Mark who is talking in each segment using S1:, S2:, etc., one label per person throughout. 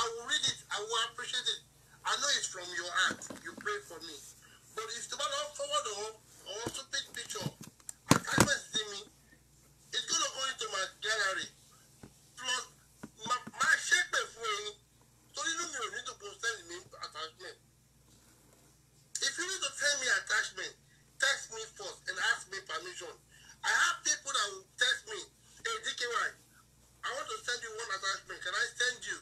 S1: I will read it. I will appreciate it. I know it's from your heart. You pray for me. But if the man forward or, or to take picture, I can't see me. It's gonna go into my gallery. Plus, my, my shape for me. So you know you need to send me attachment. If you need to send me attachment, text me first and ask me permission. I have people that will text me, hey DKY, I want to send you one attachment. Can I send you?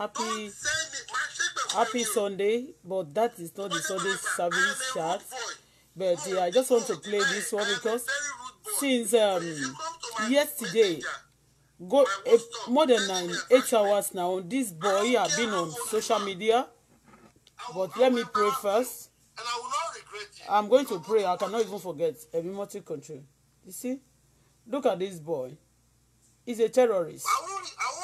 S2: happy happy Sunday, but that is not the Sunday service chat. But oh, yeah, I just want to oh, play this one because since um, yesterday, go uh, more than nine, eight hours now, this boy have been on social media. But let me pray first. I'm going to pray. I cannot even forget. every Ebimoti country. You see? Look at this boy. He's a terrorist. I won't, I won't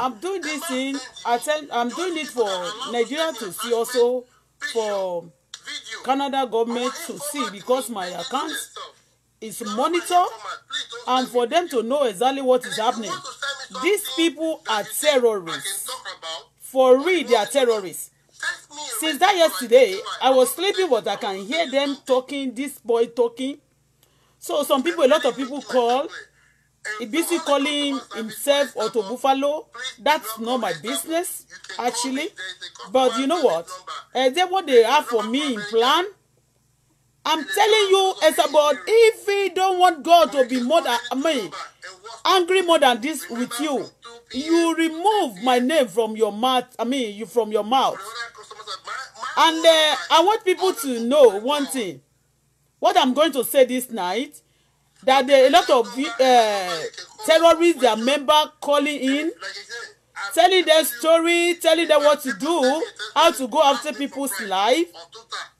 S2: I'm doing this thing attend I'm doing it for Nigeria to see also for Canada government to see because my account is monitored and for them to know exactly what is happening. These people are terrorists. For real, they are terrorists. Since that yesterday, I was sleeping, but I can hear them talking, this boy talking. So some people, a lot of people call He's busy calling himself Auto Buffalo. That's not my business, actually. But you know what? Uh, eh, that's what they have for me in plan. I'm telling you, it's about if we don't want God to be more than I me, angry more than this with you, you remove my name from your mouth. I mean, you from your mouth. And uh, I want people to know one thing. What I'm going to say this night that there a lot of uh, terrorists their member calling in telling them story telling them what to do how to go after people's life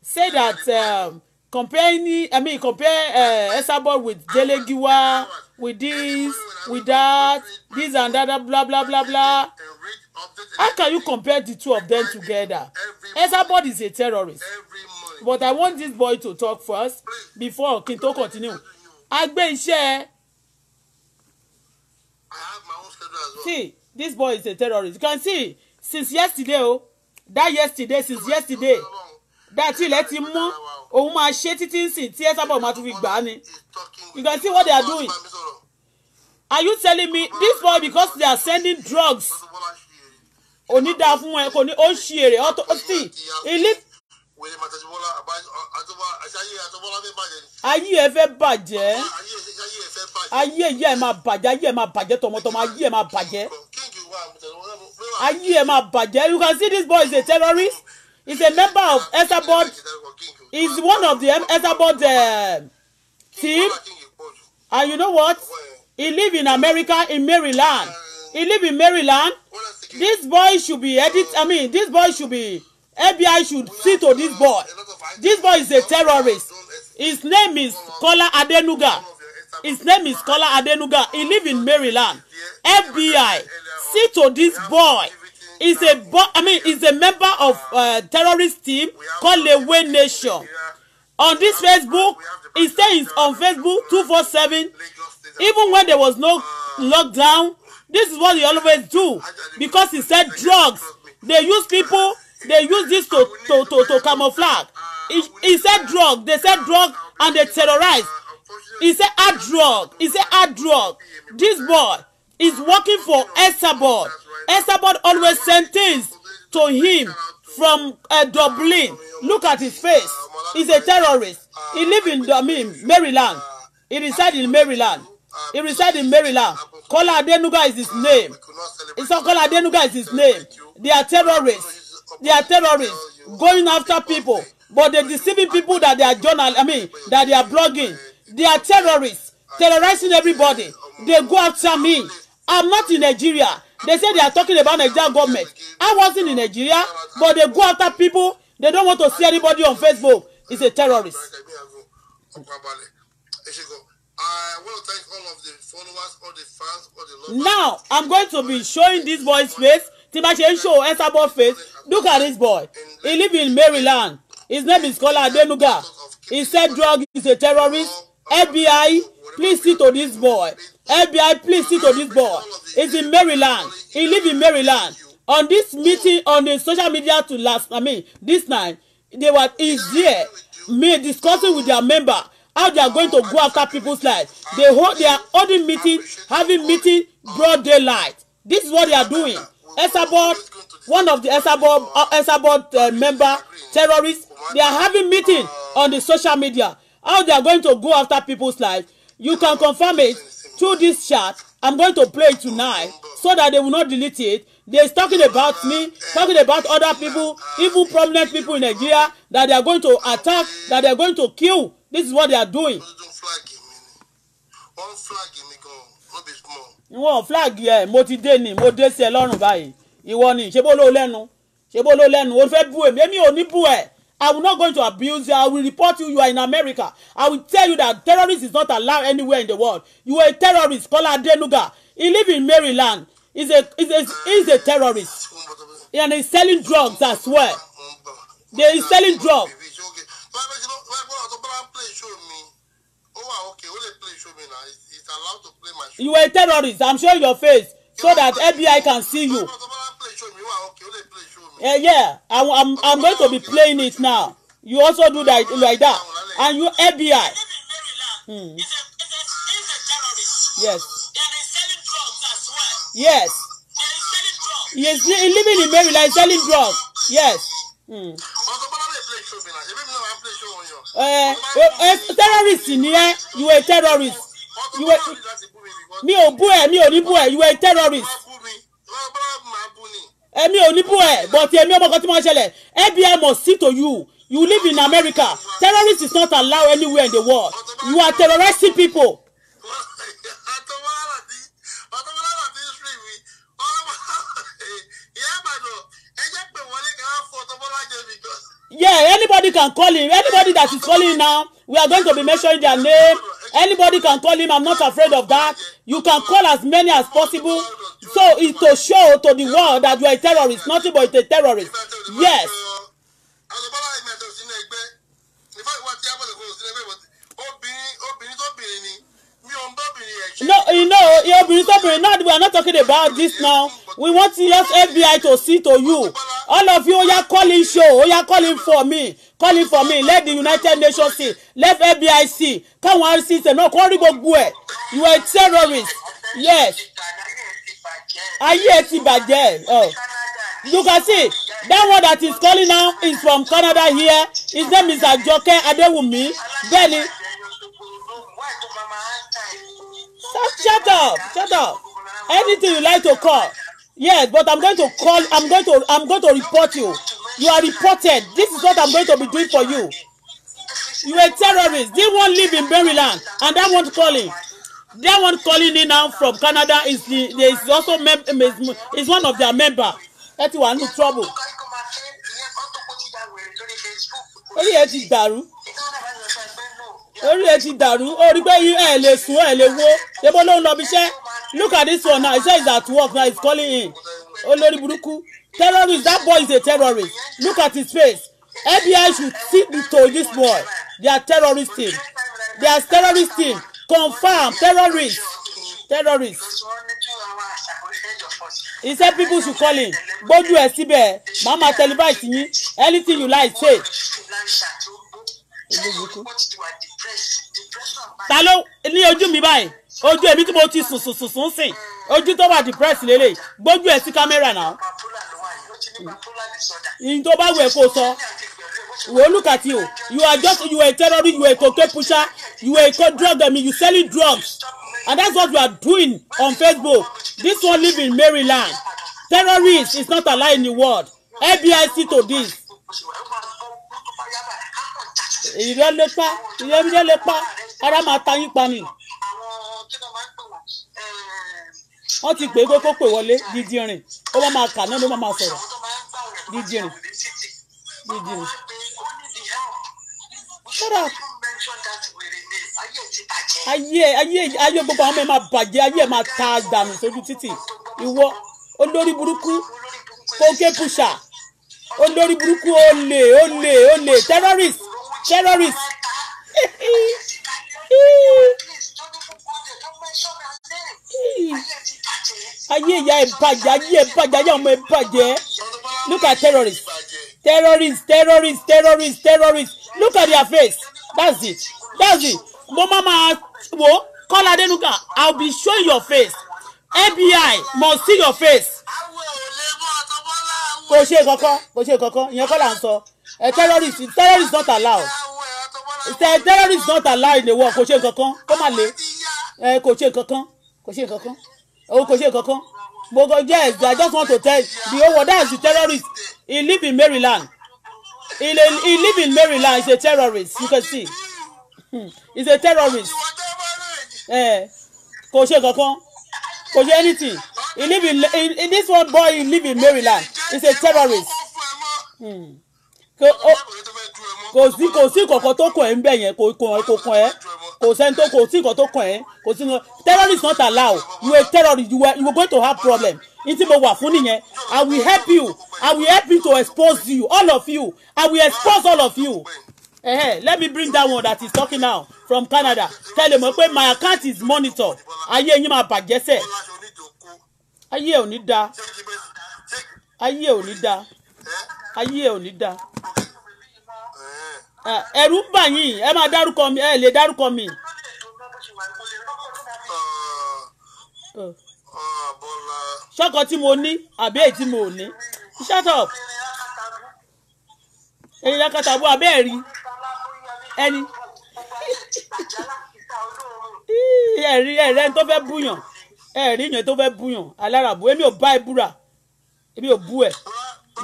S2: say that um, comparing i mean compare uh, esabod with delegiwa with this with that this and that, that blah blah blah blah how can you compare the two of them together esabod is a terrorist but i want this boy to talk first before kí continue a gbé iṣẹ́. See, this boy is a terrorist. You can see since yesterday o oh, that yesterday since yesterday that ilẹ̀ ti mú òun máa ṣe títí nsìn tí ẹ sábà máa tún fi gbà á ni. You can see what they are doing. Are you telling me this boy because they are sending drugs? Onídàá fún ẹ kò ní ó ń ṣe èrè ọtọ sí ilé wèrè màtàjúbọ́lá àṣàyè àtọ́bọ́lá fẹ́ bàjẹ́ ni. ayé ẹ fẹ́ bàjẹ́ ayé ìyá ẹ máa bàjẹ́ ayé ẹ máa bàjẹ́ tọmọtọmọ ayé ẹ máa bàjẹ́ ayé ẹ máa bàjẹ́ you can see this boy is a terrorist he is a member of Esabod he is one of the Esabod uh, team and you know what he live in America in Maryland uh, he live in Maryland this boy should be edit I mean this boy should be. FBI should see to this boy. This boy is a terrorist. His name is Kola Adenuga. His name is Kola Adenuga. He live in Maryland. FBI, see to this boy. He's a bo I mean, he's a member of uh, terrorist team called Lewe Nation. On this Facebook, he says on Facebook 247. Even when there was no lockdown, this is what he always do because he said drugs. They use people they use this to to to to camouflage he, he said drug they said drug and they terrorize he said hard drug he said hard drug this boy is working for Esabod Esabod always send things to him from uh, Dublin look at his face he's a terrorist he live in Dublin Maryland he reside in Maryland he reside in Maryland Kola Adenuga is his name he said Kola Adenuga is his name they are terrorists they are terrorists going after people but they deceiving people that they are journal I mean that they are blogging they are terrorists terrorizing everybody they go after me I'm not in Nigeria they say they are talking about Nigeria government I wasn't in Nigeria but they go after people they don't want to see anybody on Facebook it's a terrorist. Now, I'm going to be showing this boy's face tí bá ṣe ń show esabod face look at this boy he live in Maryland his name is Kola Adenuga he said drug is a terrorist FBI please see to this boy FBI please see to this boy he's in Maryland he live in Maryland on this meeting on the social media to last I mean this night they were is there me discussing with their member how they are going to go after people's lives they hold their are holding meeting having meeting broad daylight this is what they are doing Esabod, one of the Esabod, uh, Esabod uh, member terrorists, they are having meeting on the social media. How they are going to go after people's lives. You can confirm it through this chat. I'm going to play it tonight so that they will not delete it. They is talking about me, talking about other people, even prominent people in Nigeria that they are going to attack, that they are going to kill. This is what they are doing. One flag in me, one no be small ìwọ̀n flag, ẹ̀ mo ti dé ni mo dé sí ẹ lọ́rùn báyìí ìwọ ni ṣebó ló lẹ́nu ṣebó ló lẹ́nu o fẹ́ bú èmi èmi ò ní bú ẹ̀ I will not going to abuse you. I will report you. You are in America. I will tell you that terrorist is not allowed anywhere in the world. You are a terrorist. Kola Adenuga. He live in Maryland. He's a he's a he's a terrorist. And he's selling drugs as well. They is selling drugs allowed to play my show. you were a terrorist i'm showing your face so that FBI can see you. Yeah, yeah. I, I'm, I'm going to be playing it now. You also do that like that, and you FBI. Mm. Yes. Yes. He is li living in Maryland selling drugs. Yes. Mm. Uh, uh, terrorist ni eh? you were a terrorist you were mi ò bú ẹ mi ò ní bú ẹ you were a terrorist èmi ò ní bú ẹ but èmi ọmọ kan tí wọ́n ṣẹlẹ̀ abm must see to you you live in America terrorist is not allowed anywhere in the world you are terrorizing people. yeah anybody can call him anybody that is calling now we are going to be mentioning their name anybody can call him i'm not afraid of that you can call as many as possible so it's to show to the world that you are a terrorist nothing but a terrorist yes. no you know obìnrin tóbìnrin now we are not talking about this now we want us FBI to see to you all of you oya calling show oya calling for me calling for me let the united nations see let fbi see see? rcc náà kó rí gbogbo ẹ you are a terrorist yes ayé ẹ ti bàjẹ́ oh. you can see that one that is calling now is from canada here his name is ajoke adewumi bẹ́ẹ̀ni shut up shut up anything you like to call yes but i'm going to call i'm going to i'm going to report you. You are reported. This is what I'm going to be doing for you. You are a terrorist. This one live in Maryland, and that one calling. That one calling in now from Canada is the is also mem um, is, is one of their member. That one no trouble. Orí ẹ ti dàrú. Orí ẹ ti dàrú. Ó rí pé ẹ lè sùn ẹ lè wo. Ṣé bó ló lọ bí iṣẹ́? Look at this one now. He says he's at work now. He's calling in. Olórí burúkú terrorist that boy is a terrorist look at his face FBI should sit to this boy they are terrorist team they are terrorist team confam terrorist terrorist he said people should call him gbójú ẹ síbẹ̀ mama to me. anything you like say. ta ló ní ojú mi báyìí ojú èmi tí mo ti sùn sùn sùn sùn sìn ojú tó wà depressed lélẹ̀ gbójú ẹ̀ sí kámẹ́rà náà ìyìn tó bá wù ẹ́ kó sọ wò ó look at you you are just you are a terrorist you are a cocaine pusher you are a drug I you selling drugs and that's what you are doing on Facebook this one live in Maryland terrorist is not allowed in the world FBI see to this ìrẹ́lẹ́pá ìrẹ́lẹ́pá ara máa ta yín pa ni. wọ́n ti pè é kókó pè wọlé dídìrín ó wọ́n máa kà náà ló máa sọ̀rọ̀ dídìrín dídìrín. kódà ayé ayé ayé gbogbo àwọn ọmọ ẹ máa bàjẹ́ ayé ẹ máa ta àgbàmù sójú títì ìwọ olórí burúkú kókè pùṣà olórí burúkú olè olè olè terrorist terrorist. ayé ìyá ẹ̀ bàjẹ́ ayé ẹ̀ bàjẹ́ ayé ọmọ ẹ̀ bàjẹ́ look at terrorists terrorists terrorists terrorists terrorists look at their face that's it that's it mo máa ma wo Kọ́lá Adénúgà i'll be showing your face FBI must see your face kò ṣe kankan kò ṣe kankan ìyẹn kọ́ là ń sọ ẹ terrorist terrorist not allowed A terrorist not allowed in the world kò ṣe kankan kó má le ẹ kò ṣe kankan kò ṣe kankan òun kò ṣe kankan gbogbo yes i just want to tell the whole world that is a terrorist he live in maryland he, he live in maryland he is a terrorist you can see hmm, he is a terrorist eh, kò ṣe kankan kò ṣe anything he live in, in, this one boy he live in maryland he is a terrorist. Hmm kò sí kò sí kọ̀ọ̀kan tó kàn ẹ́ ń bẹ̀ yẹn kò kàn ẹ́ kò sẹ́ni tó kò sí nǹkan tó kàn ẹ́ kò sí nǹkan terrorist not allowed you were terrorist you were you were going to have problem n tí mo wà fún nìyẹn i will help you i will help you to expose you all of you i will expose all of you eh, hey, let me bring that one that is talking now from canada tell him pé my account is monitored ayé yín máa bàjẹ́ sẹ̀ ayé ò ní da ayé ò ní da ayé ò ní da ẹ̀rù ń bà yín ẹ máa dárúkọ mi ẹ lè dárúkọ mi. ṣọ́kọ tí mo ní àbí èyí tí mo ní shut up èyí lákàtàbọ̀ àbẹ́ ẹ̀rí ẹni ẹ̀rí ẹ̀rẹ́ tó fẹ́ búyàn ẹ̀rí yẹn tó fẹ́ búyàn alárabù èmi ò bá ẹ búra èmi ò bú ẹ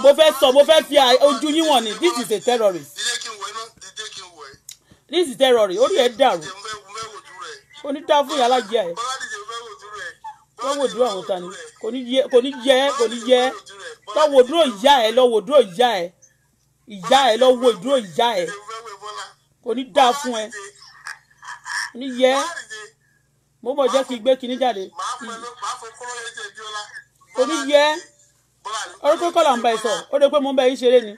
S2: mo fẹ́ sọ mo fẹ́ fi ojú yín wọ̀n ni this is a terrorist ní ìsì tẹ́rọ rẹ̀ orí ẹ̀ dàrú onídàáfún yàrá jẹ́ ẹ̀ lọ́wọ́ dúró àwọn ta ni kò ní yẹ kò ní yẹ kò ní yẹ lọ́wọ́ dúró ìyá ẹ̀ lọ́wọ́ dúró ìyá ẹ̀ ìyá ẹ̀ lọ́wọ́ dúró ìyá ẹ̀ kò ní dáa fún ẹ kò ní yẹ mo bọ̀ jẹ́ kí gbé kinní jáde kò ní yẹ orúkọ kọ́là ń bá ẹ ó dé pé mo ń yín ṣeré ni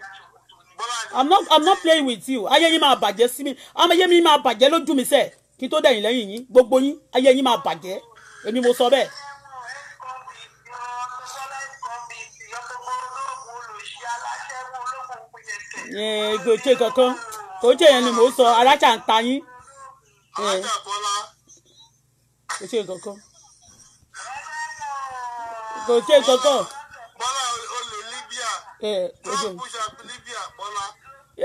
S2: i'm not i'm not playing with you ayé yín máa bàjẹ́ sí mi ayé yín máa bàjẹ́ lójú mi sẹ́ẹ̀ kí n tó dẹ̀yìn lẹ́yìn yín gbogbo yín ayé yín máa bàjẹ́ èmi mo sọ bẹ́ẹ̀. gbèsè kankan kò jẹ́ yẹn ni mò ń sọ alájà ń ta yín. gbèsè kankan kò jẹ́ kankan. bọ́lá olè libya tó kú ṣàpù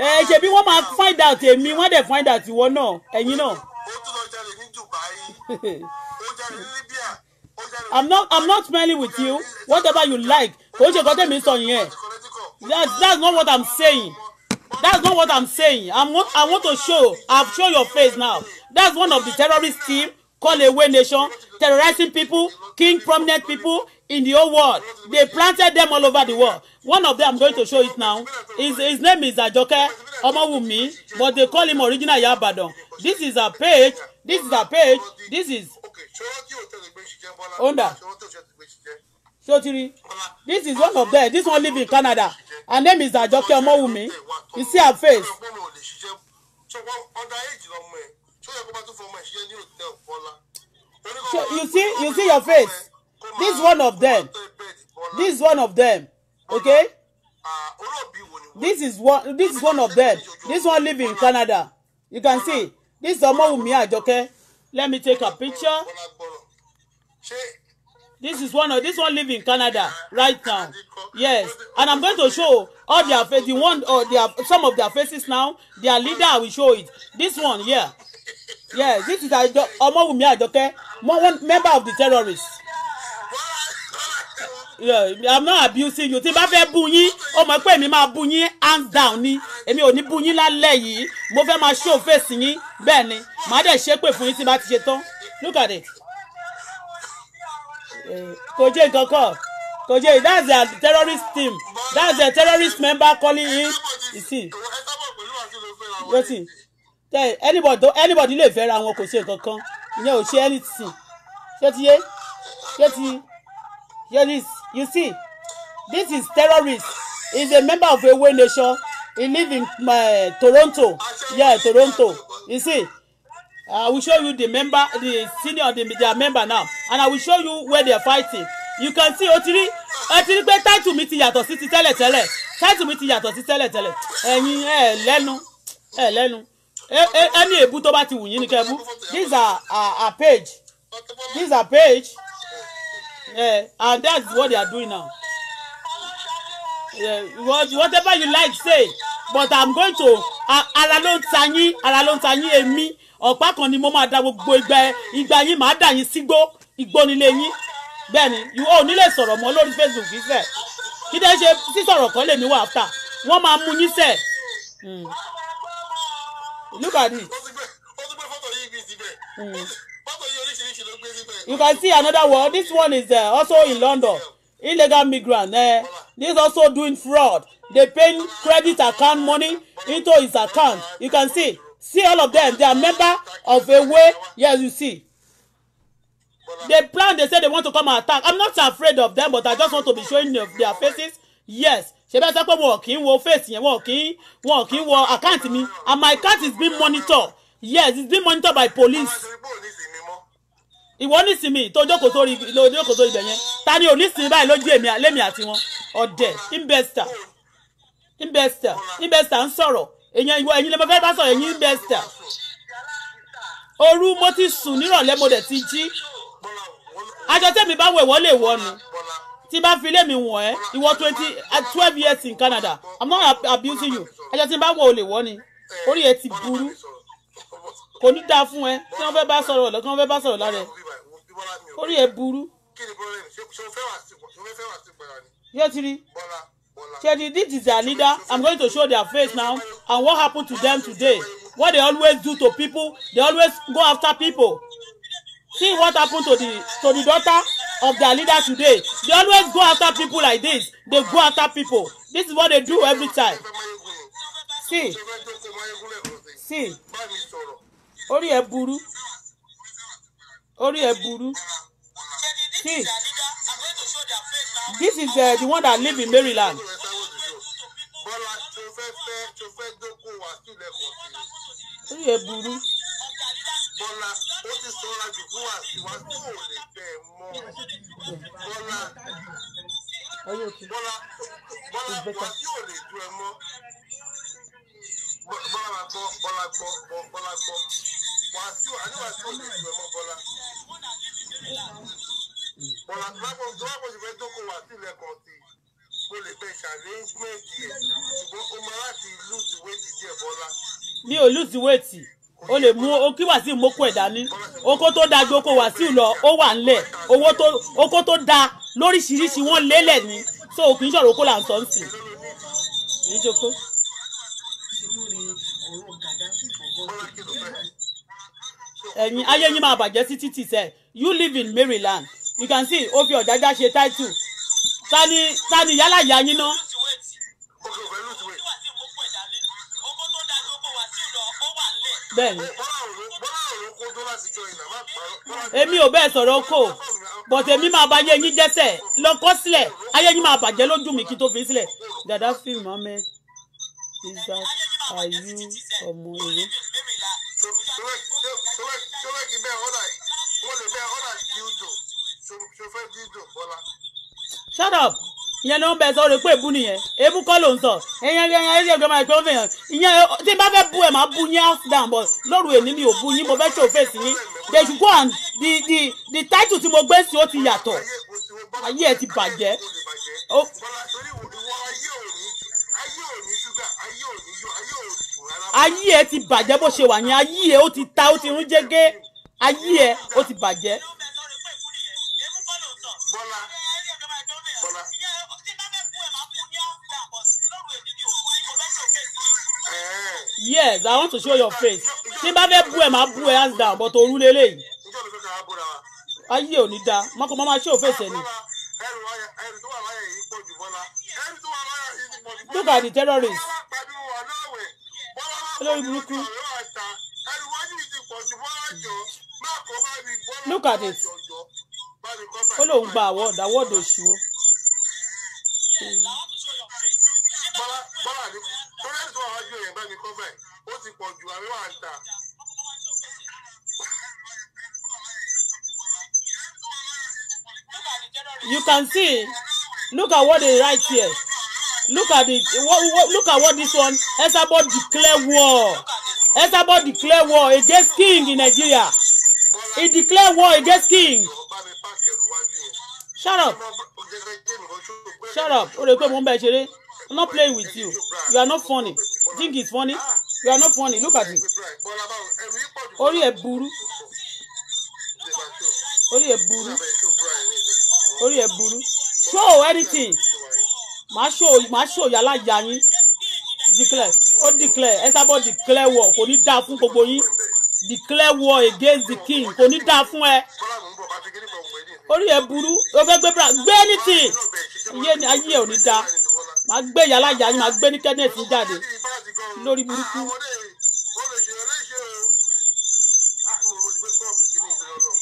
S2: ẹ ṣe bí wọ́n máa find out èmi wọ́n dẹ̀ find out ìwọ náà ẹ̀yin náà. ó tún i'm not i'm not smelling with you whatever you like kò ṣe kọ́tẹ́ mi sọ yẹn that's that's not what i'm saying that's not what i'm saying i'm i want to show i've show your face now that's one of the terrorist team call away nation, terrorizing people, king prominent people in the whole world. They planted them all over the world. One of them, I'm going to show it now. His, his name is Ajoke Omowumi, but they call him original Yabadan. This is a page. This is a page. This is. Onda. Shotiri. This is one of them. This one live in Canada. Her name is Ajoke Omowumi. You see her face. So you see, you see your face. This one of them. This one of them. Okay. This is one. This is one of them. This one live in Canada. You can see. This is Omowumi Ajoke. Let me take a picture. This is one of this one live in Canada right now. Yes, and I'm going to show all their faces. The one or their some of their faces now. Their leader, I will show it. This one, yeah yes this is àjọ ọmọwùmí àjọkẹ́ member of the terrorists. Yeah, I'm not abusing you tí n bá fẹ́ bú yín ó mọ̀ pé èmi máa bú yín hands down ni èmi ò ní bú yín lálẹ́ yìí mo fẹ́ máa show face yín bẹ́ẹ̀ ni màá dẹ̀ ṣépè fún yín tí n bá ti ṣe tán look at it. Eh, kò jẹ́ nǹkan kọ́ kò jẹ́ that's their terrorist team that's their terrorist member calling in you see anybody tó anybody lè fẹ́ra wọn kò ṣe nǹkan kan ìyẹn ò ṣe anything ṣé ti yé ṣé ti yé this you see this is terrorist he is a member of Ewe Nation he live in uh, Toronto yeah Toronto you see I will show you the member the senior the their member now and I will show you where they are fighting you can see otiri otiri pé title mi ti yàtọ̀ sí ti tẹ́lẹ̀tẹ́lẹ̀ title mi ti yàtọ̀ sí tẹ́lẹ̀tẹ́lẹ̀ ẹ̀yin ẹ̀ lẹ́nu ẹ̀ lẹ́nu Eh, eh, any èébú tó bá ti wù yín ni kẹ́ bú this is our, page this is page yeah. and that's what they are doing now yeah. what whatever you like say but i'm going to ara ló ta yín ara ló ta yín èmi ọ̀pá kan ni mo máa da gbogbo ìgbà ìgbà yín màá dà yín sígbó igbó nílé yín bẹ́ẹ̀ ni ò ní lè sọ̀rọ̀ lórí facebook fífẹ́ kí dẹ́ ṣe sísọ̀rọ̀ kan lè ní wàhálà wọ́n máa mú yín sẹ́ẹ̀ look at it. Mm. You can see another one. This one is uh, also in London. Illegal migrant. Uh, this also doing fraud. They paying credit account money into his account. You can see. See all of them. They are member of a way. Yes, you see. They plan. They say they want to come and attack. I'm not afraid of them, but I just want to be showing their faces. Yes, ṣe bẹ́ẹ̀ sọ pé wọn kì í wo face yẹn wọn kì í wọn kì í wọ account mi and my account is being monitored yes it's being monitored by police ìwọ nísìmí tó jókòó sórí lójókòó sórí ibẹ̀ yẹn ta ni ò nísìmí báyìí lójú èmi lémi àti wọn ọ̀dẹ̀ investor investor investor ń sọ̀rọ̀ èyàn ìwọ ẹ̀yin lẹ́mọ̀ fẹ́ bá sọ̀rọ̀ ẹ̀yin investor òru mo ti sùn nírọ̀lẹ́ mo dẹ̀ ti jí aṣọ tẹ̀mí bá wẹ̀ wọ́n lè wọ́nu tí bá fi ilé mi wọ̀ ẹ́ ìwọ twenty eh, twelve years in Canada I'm not abusing you ẹjọ́ tí n bá wọ̀ ò lè wọ́ ni orí ẹ ti burú kò ní dáa fún ẹ kí wọ́n fẹ́ bá sọ̀rọ̀ lọ kí wọ́n fẹ́ bá sọ̀rọ̀ lára ẹ orí ẹ burú. yóò ti rí Chedi this is their leader I'm going to show their face now and what happened to them today what they always do to people they always go after people see what happened to the to the daughter of their leader today they always go after people like this they go after people this is what they do every time see see orí Eburu. burú Eburu. see this is uh, the one that live in Maryland orí Eburu.
S1: Bọ́lá ó ti sọ́ra jù fún wa síwájú ò lè bẹ́ ẹ mọ́. Bọ́lá Bọ́lá Bọ́lá Buhari ò lè dún ẹ mọ́. Bọ́lá gbọ́ Bọ́lá gbọ́ Bọ́lá gbọ́. Wàásù àníwàásù ò lè dún ẹ mọ́ Bọ́lá. Bọ́lá Bọ́lá Bọ́lá kò sì fẹ́ tó kó wàásù ilẹ̀ kan sí i lè fẹ́ ṣàlẹ́ńgbẹ̀ẹ́
S2: tiẹ̀ ṣùgbọ́n ó máa láti lùtì wéètì díẹ̀ Bọ́lá. Mi ò lùtì wéètì o lè mú o kí wàsíù mọ́kò ẹ̀ dání oko tó da ju oko wàsíù lọ ó wà ńlẹ̀ owó tó oko tó da lóríṣiríṣi wọ́n lélẹ̀ ni so òkè ìṣòro oko là ń sọ ń sìn ayé yín máa bàjẹ́ sí títì sẹ́ you live in Maryland you can see ó fi ọ̀dájá ṣe title ta ni yálà ìyá yín náà. bẹ́ẹ̀ni. èmi ò bẹ́ẹ̀ sọ̀rọ̀ kò bọ̀tẹ̀ mi máa bá ayé yín jẹ́sẹ̀ lọ́kọ́ sílẹ̀ ayé yín máa bàjẹ́ lójú mi kí tó fi sílẹ̀. dada fi mohammed isa ayu ọmọ èrè. shut up ìyẹn ni wọ́n bẹ̀ sọ ọ́ rẹ̀ pé èbú nìyẹn èbú kọ́ ló ń sọ ẹ̀yẹn ẹ̀yẹn ẹ̀yẹn ẹ̀gbọ́n máa pẹ́ ọ́fẹ́ ìyẹn tí bá fẹ́ bú ẹ̀ máa bú yín house down but lóru èní mi ò bú yín mo fẹ́ ṣe òfin sí yín they should go and the the title tí mo gbé sí ó ti yàtọ̀ ayé ẹ̀ ti bàjẹ́. ayé ẹ̀ ti bàjẹ́ bó ṣe wà yẹn ayé ẹ̀ ó ti ta ó ti rún jẹ́gẹ́ ayé ẹ̀ ó ti bàjẹ́. yes i want to show your face tí n bá fẹ́ bú ẹ̀ máa bú ẹ̀ hands down but òru lélẹ̀ yìí ayé ò ní da mako mama ṣé o fèsì ẹni. look at the terrorists. olórí burúkú. look at it. ó lóun gba award award oṣù o.
S1: bọ́lá bọ́lá ní kú fídíò yẹn bá mi cover ẹ̀ ó ti pọ̀ ju àríwá àǹtà.
S2: You can see look at what they write here look at the what, what, look at what this one Esabod declare war Esabod declare war against king in Nigeria he declare war against king shut up shut up o de pe mo n bẹ ṣeré e I'm not playing with you you are not funny. Think it's funny. You are not funny. Look at me. Orí ẹ̀ burú. Orí ẹ̀ burú. Orí ẹ̀ burú. Show anything. Màá show màá show yàrá ìyá yín. Declare. Ó declare. Ẹ sábọ̀ declare war. Kò ní dáa fún gbogbo yín. Declare war against the king. Kò ní dáa fún ẹ orí ẹ burú o fẹ́ gbé bra gbé anything iye ni ayé ẹ ò ní da màá gbé yàrá ìyá yín màá gbé ní kenneth jáde lórí ah, burúkú. Ah,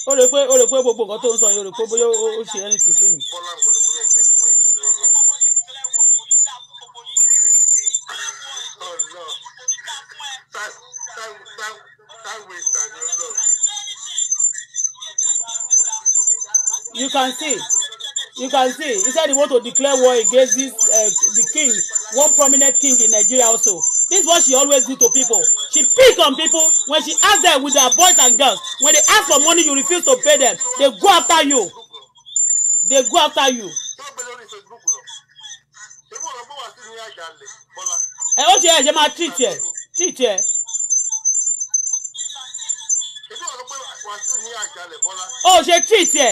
S2: o rò pé o rò pé gbogbo nǹkan tó ń sọ yìí o rò pé bóyá o ṣe ẹni tì fún You can see you can see he said he want to declare war against this uh, the king one prominent king in Nigeria also This is what she always do to people. She pick on people when she ask them with their boys and girls. When they ask for money, you refuse to pay them. They go after you. They go after you. ẹ ó ṣe ẹ ṣe máa treat ẹ treat ẹ. ó ṣe treat ẹ.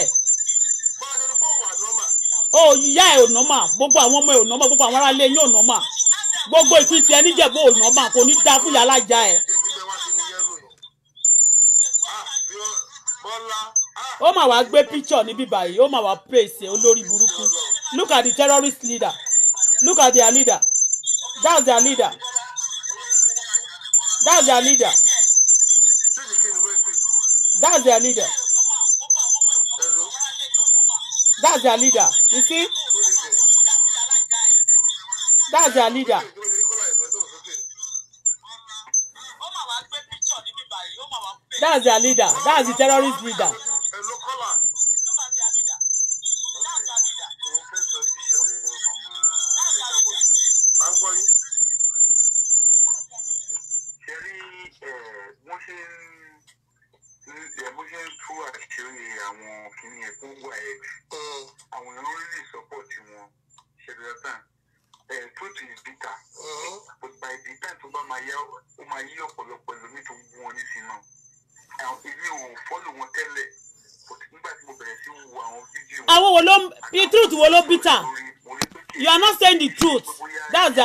S2: ó yá ẹ ò nọ́mà gbogbo àwọn ọmọ ẹ ò nọ́mà gbogbo àwọn aráalé yín ò nọ́mà gbogbo ìpín tiẹ̀ níjẹ̀bú òòlù ọmọ kò ní da fún yàrá ìjà ẹ̀. ó mà wá gbé picture níbí báyìí ó mà wá praise olórí burúkú look at the terrorist leader look at their leader that's their leader that's their leader that's their leader that's their leader you see that's their leader. that's their leader that's the terrorist leader.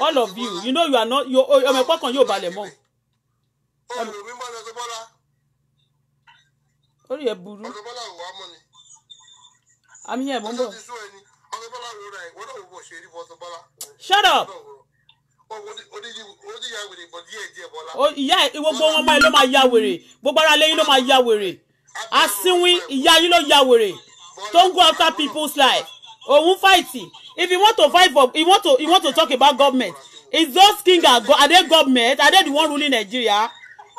S2: all of you you know you are not you ọmọ ẹ̀pọ̀ kan yóò balẹ̀ mọ́. orí ẹ burú. àmì ẹ̀ mọ́ bọ̀. shut up. ìyá ẹ gbogbo wọn máa ló máa ya wèrè gbogbo ara lẹ́yìn ló máa ya wèrè asínwín ìyá yín ló ya wèrè tó ń go after people's life òun fáìtì if you want to fight for you want to you want to talk about government is those king are, go, are they government are they the one ruling Nigeria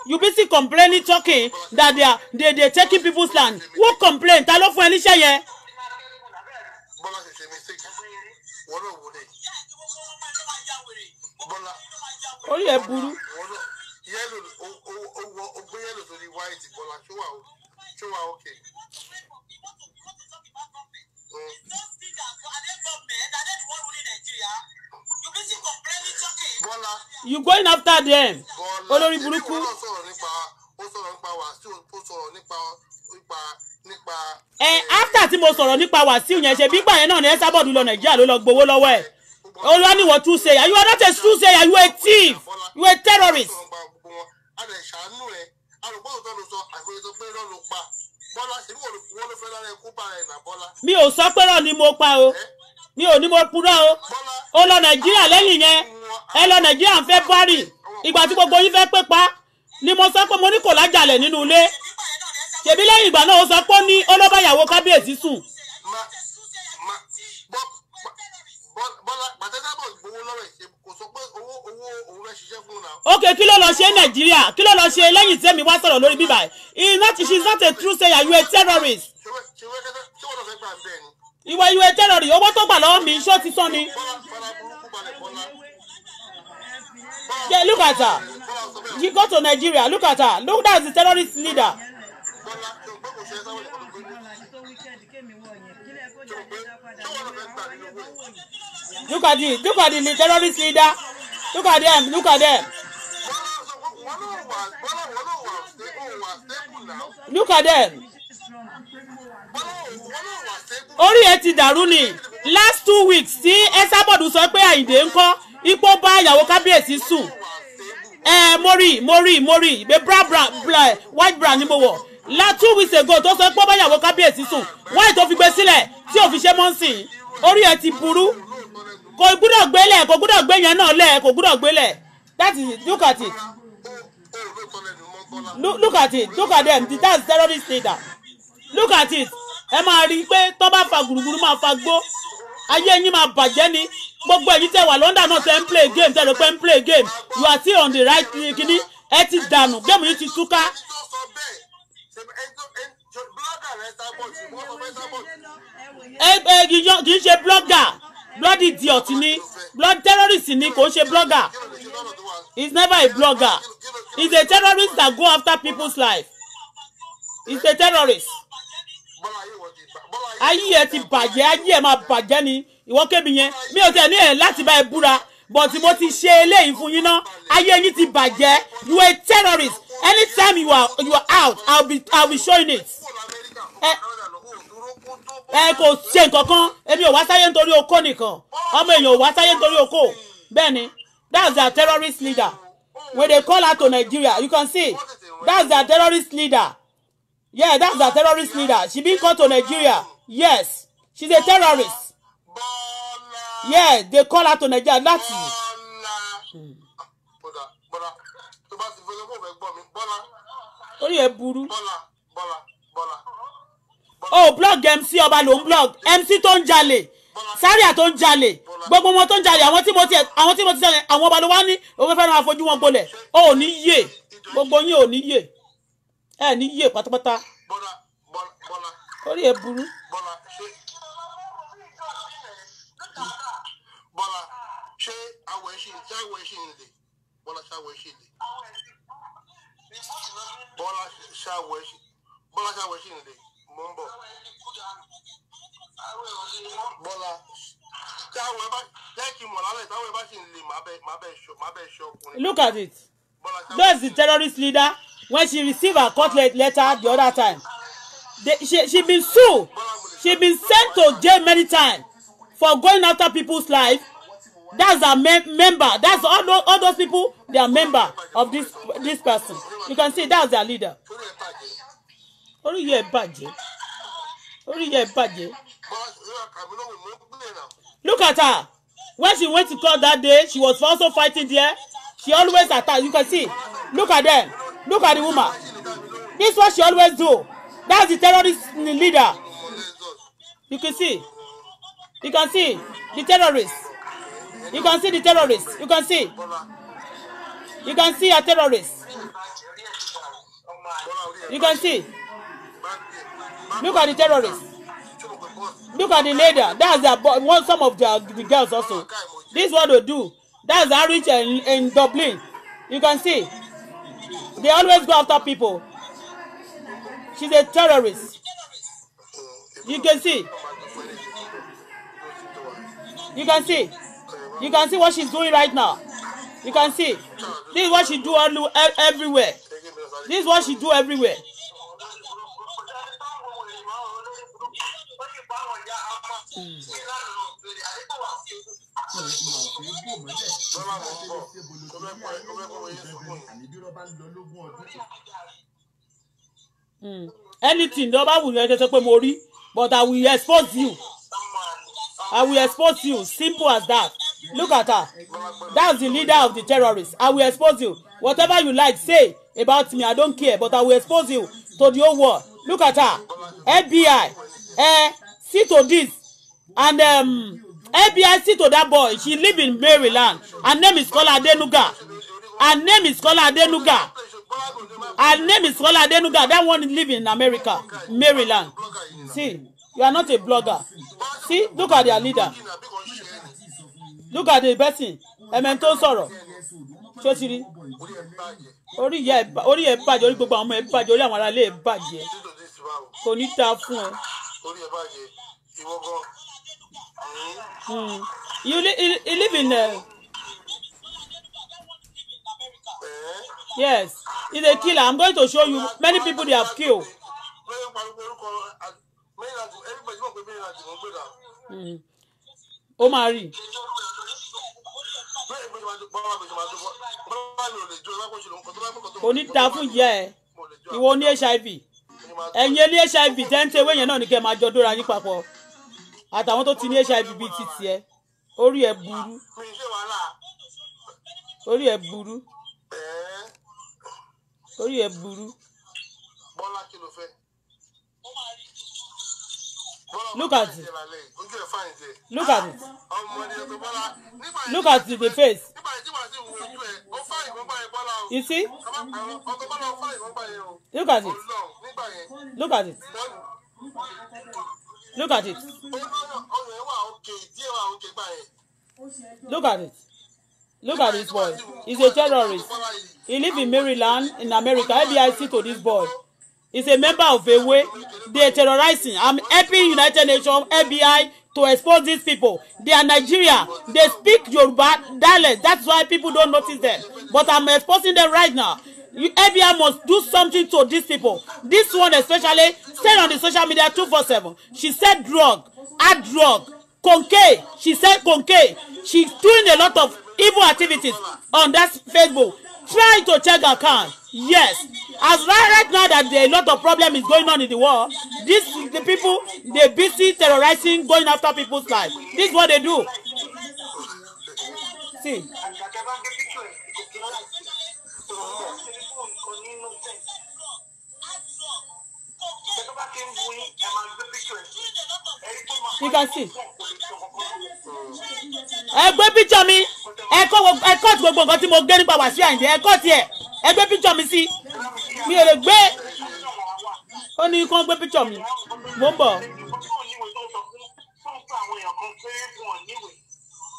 S2: you be still complaining talking that they are they they taking people's land Who complain ta ló fún ẹ níṣẹ́ yẹn. Bọ́lá ṣe ṣe mistake wọ́n náà wò lè. Bọ́lá.
S1: white Bọ́lá ṣó wà ó ṣó wà
S2: you going after them olórí burúkú. ẹ after tí mo sọ̀rọ̀ nípa Wàsíù yẹn ṣe bígbà yẹn náà ni ẹ sábọ̀dù lọ Nàìjíríà ló lọ gbowó lọ́wọ́ ẹ̀ olùwàníwọ̀ tún ṣe yà you are not a tún Say, yà you a thief you a terrorist mi ò sọ pé rọ ni mo pa o mi ò ní mo purọ́ o ó lọ nàìjíríà lẹ́yìn yẹn ẹ lọ nàìjíríà ń fẹ́ bárì ìgbà tí gbogbo yín fẹ́ pé pa ni mo sọ pé mo ní kò lájàlẹ̀ nínú ilé ṣèbí lẹ́yìn ìgbà náà ó sọ pé ó ní ó ló bá ìyàwó kábíyèsí sùn
S1: owó lọ́wọ́ ẹ̀ kò sọ pé
S2: owó owó òun fẹ́ ṣiṣẹ́ fún un náà. ok kí ló lọ ṣe nàìjíríà kí ló lọ ṣe lẹ́yìn tí èmi wá sọ̀rọ̀ lórí bíbá ẹ̀ not she is not a true sayer you a terrorist. ìwọ you a terrorist owó tó gbà lọ́wọ́ mi ṣó ti sán ni. Yeah, look at her. You go to Nigeria. Look at her. Look, that's the terrorist leader. Look at the look at the terrorist leader look at them look at them. Look at them. Orí ẹ ti dàrú ni last two weeks tí Esabod sọ pé Àyìndé ń kọ́ ipò bá ìyàwó kábíyèsí sùn. Ẹ mo rí mo rí mo rí ìgbé bra bra white bra ni mo wọ̀ la two weeks ago tó sọ pé báyàwó kábíyèsí sùn wáyé tó fi gbé sílẹ̀ tí ò fi ṣe mọ́ sìn orí ẹ ti burú kò gbúdọ̀ gbélẹ̀ kò gbúdọ̀ gbé yẹn náà lẹ̀ kò gbúdọ̀ gbélẹ̀ that is look at it look at it look at them that's terrorist leader look at it ẹ máa rí i pé tó bá fa gùrùgùrù máa fa gbó ayé yín máa bàjẹ́ ni gbogbo ẹ̀yin tẹ́ wà London náà tẹ́ ń play game tẹ́ ló pé ń play game you are still on the right kìíní ẹ ti dànù géèmù yìí ti túká ẹ kì í ṣe blogger blood idiot ni blood terrorist ni kò ń ṣe blogger he's never a blogger he's a terrorist that go after people's life he's a terrorist ayé ẹ ti bàjẹ́ ayé ẹ máa bàjẹ́ ni ìwọ kébì yẹn mi ò tẹ̀ ní ẹ̀ láti bá ẹ búra but mo ti ṣe eléyìí fún yín ná ayé yín ti bàjẹ́ you are a terrorist anytime you are you are out i will be i will be showing it. ẹ ẹ kò ṣe nǹkan kan èmi ò wá sáyé nítorí okó nìkan ọmọ èèyàn ò wá sáyé nítorí okó bẹ́ẹ̀ ni that's their terrorist leader we dey call her to Nigeria you can see that's their terrorist leader yeah that's their terrorist leader she been called to Nigeria yes she's a terrorist yeah they call out to Nigeria láti. orí ẹ burú. o blog MC ọba ló ń blog MC tó ń jalè sáríà tó ń jalè gbogbo wọn tó ń jalè àwọn tí mo ti àwọn tí mo ti sẹ́yìn àwọn ọba ló wá ní òun fẹ́ràn àfojú wọn gbolẹ̀ o ò ní yè gbogbo yín ò ní yè ẹ ní yè pátápátá orí ẹ burú. bọ́lá
S1: Bọ́lá ṣé awọ ẹ̀ ṣì ṣé awọ ẹ̀ ṣì lè Bọ́lá ṣé awọ ẹ̀ ṣì lè. Bọ́lá ṣé awọ ẹ̀ ṣì Bọ́lá ṣé awọ ẹ̀ ṣì lè mò ń bọ̀. Bọ́lá ṣé awọ ẹ̀ bá jẹ́ kí mọ̀ lálẹ́ ṣé awọ ẹ̀ bá ṣì lè má
S2: bẹ́ẹ̀ ṣe ọkùnrin. Look at it. That's the terrorist leader when she receive her court letter the other time. They, she she been sued. She been sent to jail many times for going after people's life That's a mem- member. That's all those, all those people. They are member of this this person. You can see that's their leader. Orí yẹ bàjẹ́. Orí yẹ bàjẹ́. Look at her. When she went to court that day, she was also fighting there. She always attack. You can see. Look at them. Look at the woman. This is what she always do. That's the terrorist leader. You can see. You can see the terrorist. You can see the terrorists. You can see. You can see a terrorist. You can see. Look at the terrorists. Look at the leader. That's the one. Some of their, the girls also. This is what they do. That's the rich in, in Dublin. You can see. They always go after people. She's a terrorist. You can see. You can see. You can see what she's doing right now. You can see. This is what she do all, e-, everywhere. This is what she do everywhere. Mm. anything ló will wù yẹn kẹsẹ pé but I will expose you I will expose you simple as that Look at her. That's the leader of the terrorists. I will expose you. Whatever you like, say about me. I don't care, but I will expose you to the whole world. Look at her. FBI, eh, see to this. And um, FBI, see to that boy. She live in Maryland. Her name is Kola Adenuga. Her name is Kola Adenuga. Her name is Kola Adenuga. That one live in America, Maryland. See, you are not a blogger. See, look at their leader look at the person ẹ̀mẹ̀ tó ń sọ̀rọ̀ ṣó ti rí orí ìyá ẹ̀ orí ẹ̀ bàjẹ́ orí gbogbo àwọn ọmọ ẹ̀ bàjẹ́ orí àwọn aráalé ẹ̀ bàjẹ́ kò ní ta fún ẹ. Hmm. you live in. there. Uh, yes he's a killer i'm going to show you many people they have killed. Mm. ó máa rí oníta fún ìyá ẹ ìwọ ní hiv ẹ̀yin ní hiv tẹ́ńtẹ́ wẹ̀yẹn náà ní kẹ́ ẹ máa jọ dóra yín papọ̀ àtàwọn tó ti ní hiv bíi ti tiẹ̀ orí ẹ burú orí ẹ burú orí ẹ burú.
S1: bọ́lá kí ló fẹ́.
S2: Look at it. Look at it. Look at the face. You see? Look at it. Look at it. Look at it. Look at it. Look at this boy. He's a terrorist. He live in Maryland, in America. FBI see to this boy is a member of a way they are terrorizing i'm helping united nations fbi to expose these people they are nigeria they speak yoruba dialect that's why people don't notice them but i'm exposing them right now you fbi must do something to these people this one especially said on the social media 247 she said drug add drug conke she said conke she's doing a lot of evil activities on that facebook trying to check account yes as right, right now that there a lot of problem is going on in the world this the people dey busy terrorizing going after people's life this is what they do see. You can see. bu yín ẹ máa gbé píṣọ ẹ sí ẹni tó máa fọwọ́ sí ẹ gbé píṣọ mi ẹ kọ́ gbogbo nǹkan tí mo gé nípa Wàsíù Àyìndé ẹ kọ́ tiẹ̀ ẹ gbé píṣọ mi sí mi ò lè gbé ó ní kó gbé píṣọ mi mò ń bọ̀.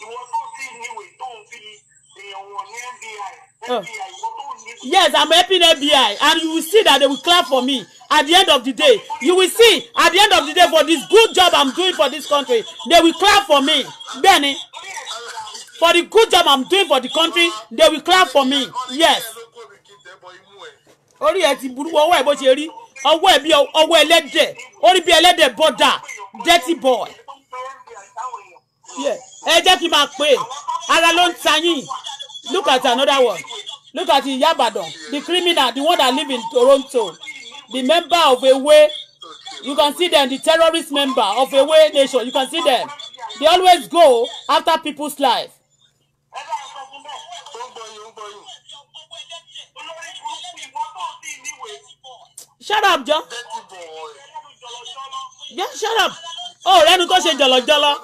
S2: ìwọ tó ti níwèé tó ń fi Oh. Yes, I'm helping FBI, and you will see that they will clap for me at the end of the day. You will see at the end of the day for this good job I'm doing for this country, they will clap for me. Benny, for the good job I'm doing for the country, they will clap for me. Yes. Orí ẹ ti burú ọwọ́ ẹ bó ṣe rí ọwọ́ ẹ bí ọwọ́ ẹlẹ́dẹ̀ orí bí ẹlẹ́dẹ̀ bọ́dà dirty boy ẹ jẹ́ kí n máa pè ara ló ń ta yín look at another one look at ìyá Ìbàdàn the criminal the one that live in Toronto the member of Ewe you can see them the terrorist member of Ewe nation you can see them they always go after people's life. shut up John yeah shut up ó rẹ́ni tó ṣe jọ̀lọ̀jọ̀lọ̀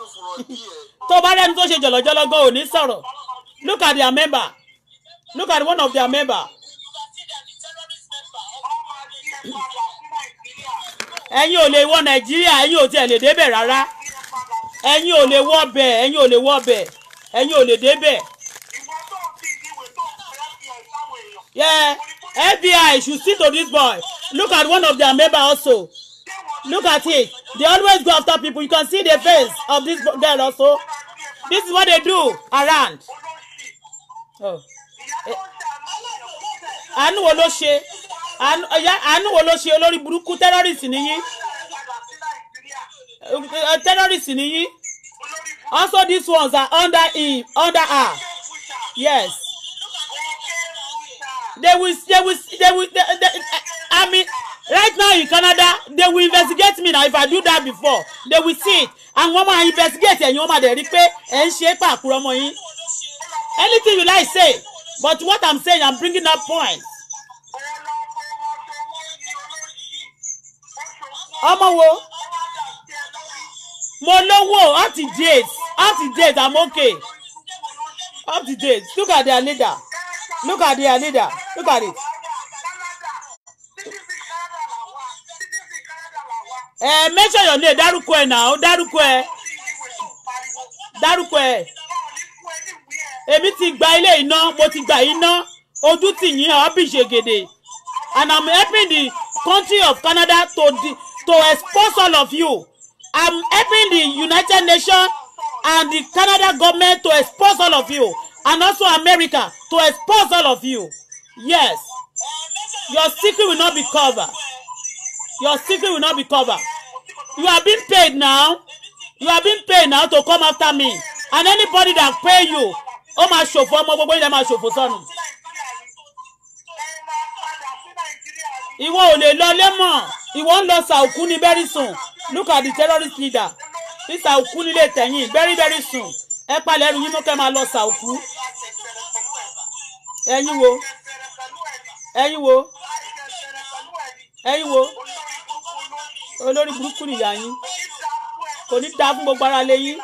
S2: tó bá rẹ́ni tó ṣe jọ̀lọ̀jọ̀lọ̀ gan ò ní sọ̀rọ̀ look at their member look at one of their member. ẹ̀yin ò lè wọ nàìjíríà ẹ̀yin ò tiẹ̀ lè débẹ̀ rárá ẹ̀yin ò lè wọ bẹ̀ ẹ̀yin ò lè wọ bẹ̀ ẹ̀yin ò lè débẹ̀. yeah FBI should see to this boy look at one of their member also Look at it. They always go after people. You can see the face of this girl also. This is what they do around. Oh. Eh. Àánú wo Anu ṣe? Àánú wo ló ṣe olórí terrorist in here. Eh, eh, also these ones are under him, under her. Yes. They will, they will, they will, they, they, I mean right now in Canada they will investigate me na if I do that before they will see it and wọ́n máa investigate ẹ̀yin wọ́n máa dẹ̀ rí pé ẹ̀ ń ṣe pàkúrọ̀ ọmọ yín anything you like say but what I'm saying I'm bringing up point. ọmọ wo mo lówó up to date up to date I'm okay up to date look at their leader look at their leader look at it ẹ mẹ́sàn yọ̀ ní ẹ dárúkọ ẹ náà ó dárúkọ ẹ dárúkọ ẹ èmi ti gba ilé iná mo ti gba iná ojú ti yín ọ̀bìṣègèdè and i'm helping the country of Canada to the, to expose all of you i'm helping the United Nations and the Canada government to expose all of you and also America to expose all of you yes your secret will not be covered your secret will not be covered you are being paid now you are being paid now to come after me and anybody that pay you oh my ṣòfò ọmọ gbogbo ilẹ̀ máa ṣòfò sọnù. ìwọ ò lè lọ lẹ́mọ̀ ìwọ ń lọ sàùkú ní very soon look at the terrorist leader ní sàùkú le tẹ̀yìn very very soon ẹ palẹ̀ ẹrù yín mú kẹ́ máa lọ sàùkú. ẹ̀yin wo ẹ̀yin wo ẹ̀yin wo olórí burúkú nìyá yín kò ní dáa fún gbogbo ara lé yín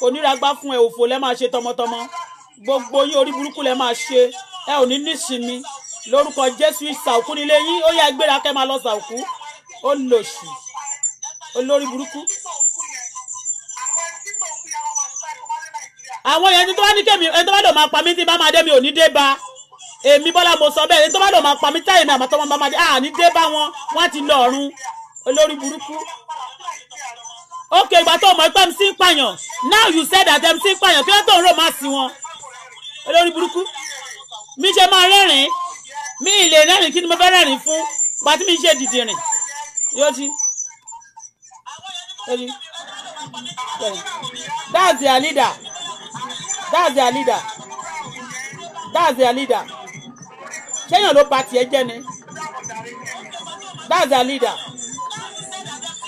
S2: kò ní ragbá fún ẹ òfò lẹ́ máa ṣe tọmọtọmọ gbogbo yín orí burúkú lẹ́ máa ṣe ẹ ò ní nísinmi lórúkọ jésù ìsàòkú nílé yín ó yá gbéra kẹ́ máa lọ sàòkú ó lò sí olórí burúkú. àwọn yẹn tó bá ní kémi ẹni tó bá dọ̀ máa pa mí tí bá máa dé mi ò ní dé bá èmi bọ́lá mo sọ bẹ́ẹ̀ ẹni tó bá dọ̀ máa pa mí táyé mi àmọ́tọ́ wọn bá máa dé àní dé bá wọn wọ́n ti lọ ọ̀run olórí burúkú. ok ìgbà tó mọ̀ pé mi sí ń pààyàn now you said that mi sí ń pààyàn kí ló tó ń rò má sí wọn olórí burúkú. mi ṣe máa rẹ́rìn-ín mi ìlè rẹ́rìn kí ni mo fẹ́ rẹ́rìn fún ìgbà tí mi ṣe dìde rìn yóò ti. that's their leader that's their leader that's their leader ṣéyàn ló pa tiẹ̀ jẹ́ ni that's their leader.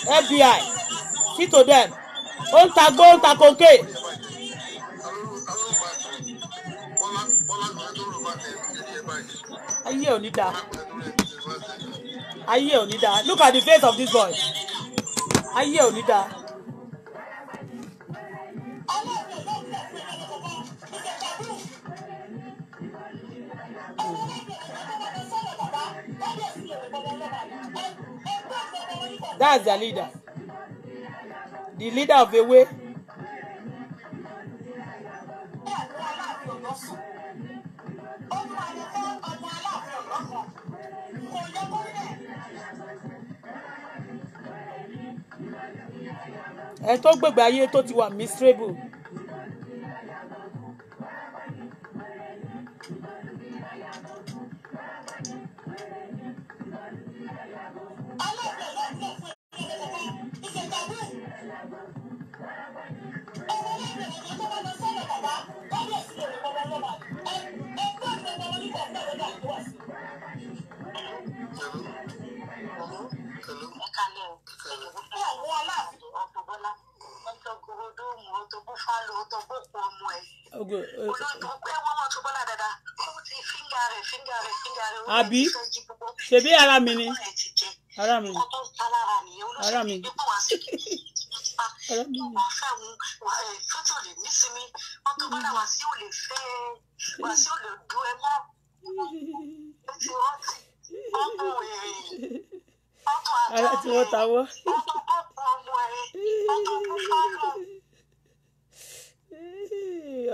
S2: FBI see to them ó ń ta gbó ó ń ta ayé ò ní dáa ayé ò ní dáa look at the face of this boy ayé ò ní dáa. That's their leader. The leader of the Ewe. ẹ tó gbègbè ayé tó ti wà miserable Uh, uh, àbí ṣebí ara mi ni ara mi ara mi pa wọn fẹ́
S1: wọn fẹ́tí ò lè ní sinmi wọn tó bá dáwà sí ò lè fẹ́ wà sí ò lè du ẹ mọ́ etí wọn ti
S2: ọmọ ẹ̀yìn ọmọ àtàwọn ẹ̀yìn ọmọ pọ́pọ́ ọmọ ẹ̀yìn ọmọ pọ́pọ́ ọmọ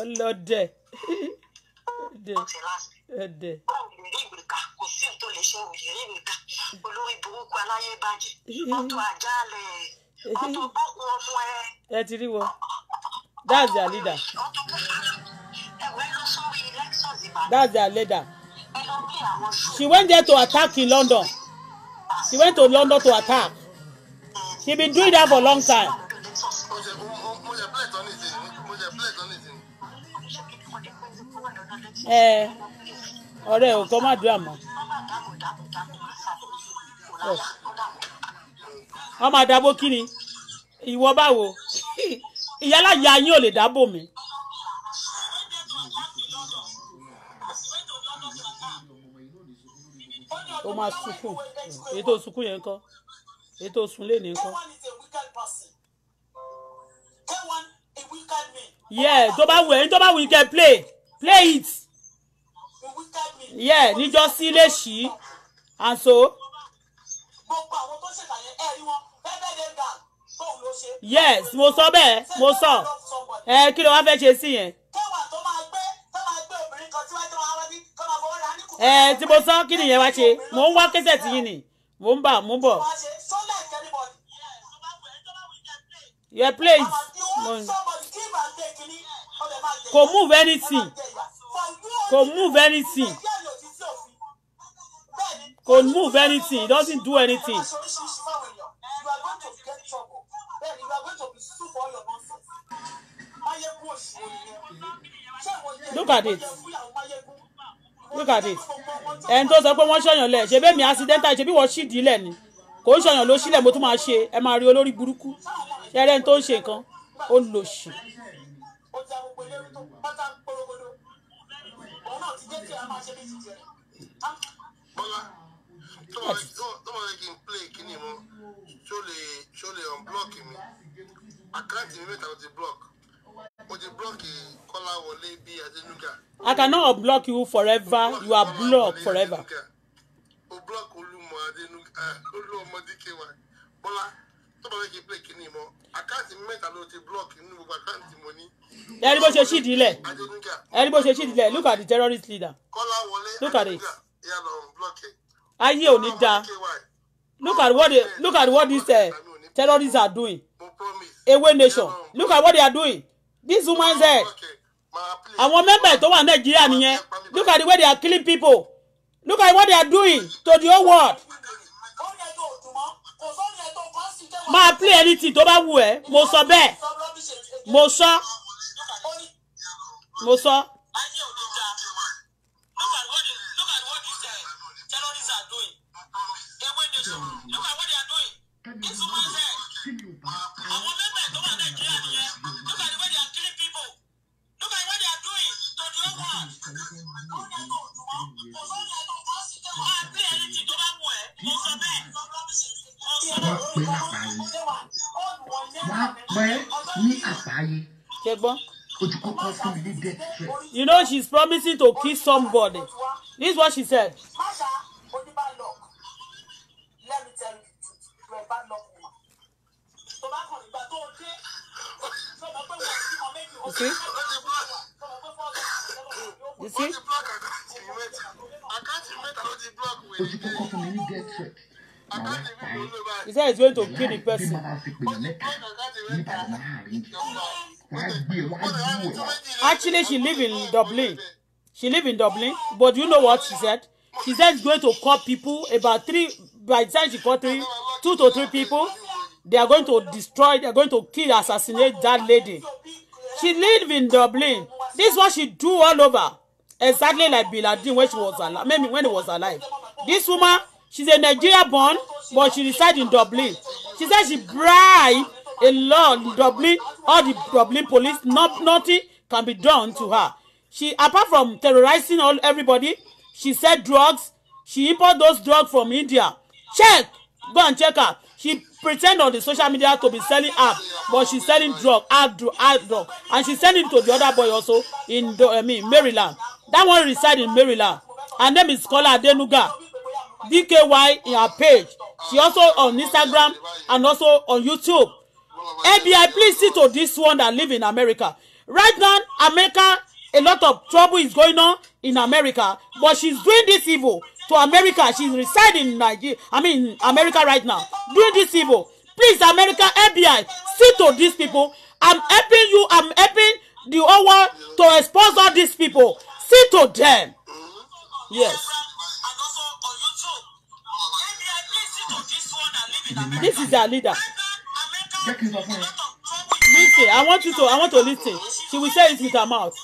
S2: ọlọ́dẹ ọdẹ ọdẹ. olùrí ìgbìkà kò sí ètò lè ṣe
S1: olùrí ìgbìkà olórí burúkú aláyébájẹ́ ọ̀tọ̀
S2: àjálẹ̀ ẹ. ti rí wọn that's their leader. that's she went there to attack in London she went to London to attack she been doing that for long time. ẹ ọ̀rẹ́ ò kọ má dùn àmọ́ wọ́n máa dábò kí ni ìwọ báwo ìyálàyà yín ò lè dábò mi. ó máa sunkún èyí tó sunkún yẹn ńkọ́ èyí tó sun lé ní ńkọ́. yeah tó bá wù ẹ́ tó bá wù yín play play it yeah níjọ́ sí lè ṣí and so. yes mo sọ bẹ́ẹ̀ mo sọ ẹ kí ló wá fẹ́ ṣe sí yẹn. ẹ tí mo sọ kí nìyẹn wá ṣe mò ń wá kẹsẹ̀ tì yín ni mò ń bà mò ń bọ̀. your place kò move anything kò move anything kò move anything it doesn't do anything. look at it look at it ẹni tó sọ pé wọ́n ṣọyàn lẹ̀ ṣe bẹ́ẹ̀ mi accidental ṣe bí wọ́n ṣì dílẹ̀ ni kò ń ṣọyàn ló ṣílẹ̀ mo tún máa ṣe ẹ máa rí olórí burúkú ṣẹlẹ̀ ní tó ń ṣe nǹkan ó lò ṣì.
S1: àkáǹtì mi mẹ́ta ló ti block.
S2: I cannot unblock you forever you are blocked forever. mo block Olúmọ Adenuga eh, Olúọmọ DKY Bọ́lá tó bá fẹ́ kí n play kíní mọ́ àkáǹtì look at the terrorist leader look at it ayé ò ní da look at what look at what these uh, terrorists are doing Away nation look at what they are doing this woman said àwọn mẹ́mbà tó wà nàìjíríà nìyẹn look at the way they are killing people look at what they are doing to the whole world. máa play anything tó bá wù ẹ́ mo sọ bẹ́ẹ̀ mo sọ mo sọ. Look at
S1: what they are doing. This woman wọ́n pé àpáyé
S2: wọ́n pé ní àpáyé. ṣe gbọ́. o kọ́kọ́ fún mi ní death you know she's promising to kill somebody this is what she said. Masha you see? You see? kọ́kọ́ fún mi ní death threat. He said he's going to kill the person. Actually, she live in Dublin. She live in Dublin. But you know what she said? She said she's going to call people about three, by the time she called three, two to three people, they are going to destroy, they are going to kill, assassinate that lady. She live in Dublin. This is what she do all over. Exactly like Biladin when she was alive. Maybe when he was alive. This woman She's a Nigeria born, but she resides in Dublin. She says she bribed a law in Dublin, all the Dublin police, not, nothing can be done to her. She, apart from terrorizing all everybody, she said drugs. She import those drugs from India. Check! Go and check her. She pretend on the social media to be selling app, but she's selling drug, hard drug, hard drug. And she's sending to the other boy also in, the, I mean, Maryland. That one reside in Maryland. Her name is Kola Adenuga. DKY in her page. She also on Instagram and also on YouTube. FBI, please see to this one that live in America. Right now, America, a lot of trouble is going on in America, but she's doing this evil to America. She's residing in Nigeria, I mean America right now, doing this evil. Please, America, FBI, see to these people. I'm helping you. I'm helping the whole world to expose all these people. See to them. Yes. this is our leader listen i want you to i want to listen she will say it with her mouth.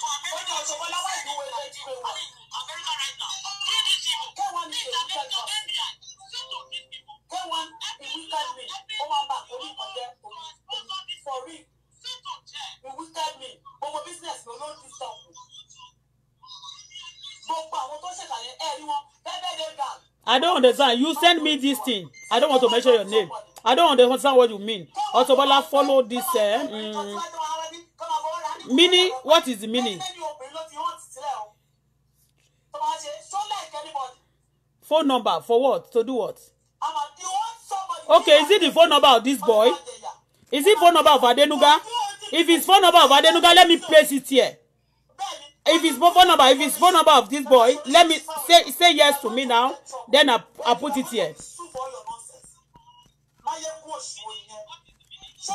S2: gbogbo àwọn tó ṣèkàyẹ ẹ̀rí wọn bẹ́ẹ̀ bẹ́ẹ̀ lè dà I don't understand. You send me this thing. I don't want to mention your name. I don't understand what you mean. Auto Bola follow this. Uh, mm, meaning, what is the meaning? Phone number for what? To do what? Okay, is it the phone number of this boy? Is it phone number of Adenuga? If it's phone number of Adenuga, let me place it here if his phone number if his phone number of this boy let me say say yes to me now then i i put it here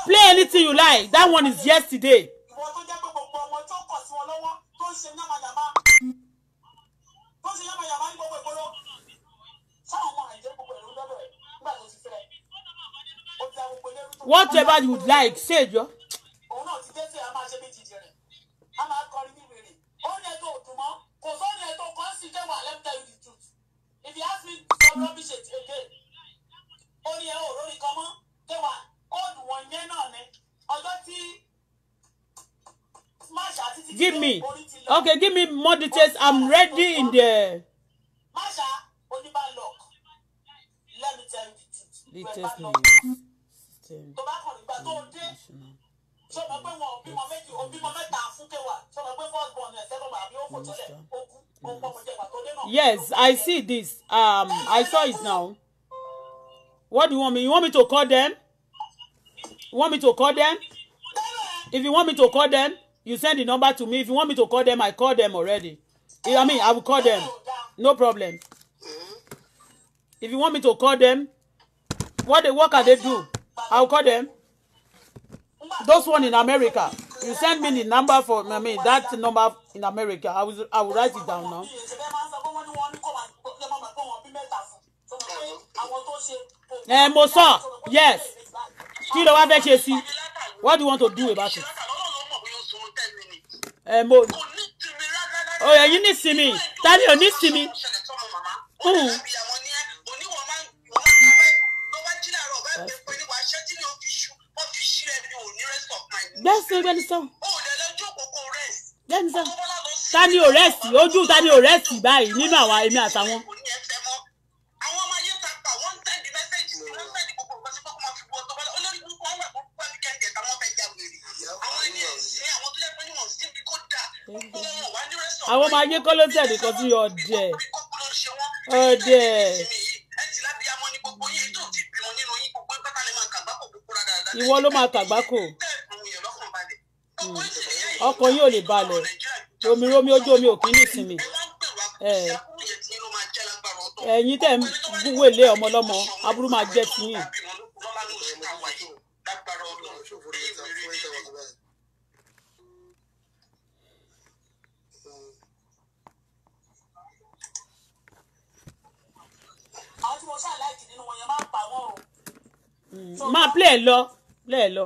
S2: play anything you like that one is yesterday. whatever you like ṣe jọ ẹ tó dùn mọ́ kò sọ́ni ẹ tó kọ́ sí let me tell you the truth if you ask me some rubbish it again orí ẹ ò lórí kan mọ́ déwà old wọn yẹn náà ni ọjọ́ tí smash àti títí give me okay give me more details i'm ready in there. masha oníbàlọ́k let me tell you the truth. latest news. tó bá nígbà tó dé sọmọ pé wọn bímọ méjì bímọ mẹ́ta fún kẹwàá sọmọ pé first born ẹ sẹfọmọ àbí ó fò tọlẹ ó kú ó pọ ọmọ jẹ yes i see this um, i saw it now what do you want me you want me to call them you want me to call them if you want me to call them you send the number to me if you want me to call them i call them already i mean i will call them no problem if you want me to call them what they what can they do i will call them those one in America you send me the number for I mean that number in America I will I will write it down now. ẹ eh, mo sọ yes kí ló wá fẹ́ ṣe sí what do you want to do about it. ẹ eh, mo oyè yìí ní sinmi tani ò ní sinmi. rest o gbẹni sọ. gbẹni sọ ta ni o rest ojú ta ni o rest báyìí nínú àwa èmi àtàwọn. àwọn ọmọ ayé kọ́ ló tẹ̀ nìkan tí ọ̀dẹ̀ ọ̀dẹ̀. ìwọ ló máa kàgbákò ọkàn yóò lè balẹ̀ omi romi ojú omi ò kí ní ìsinmi ẹ̀yin tẹ̀ ń wèlé ọmọ lọ́mọ aburú máa jẹ́ tiyín. Mm, máa play ẹ lọ play ẹ lọ.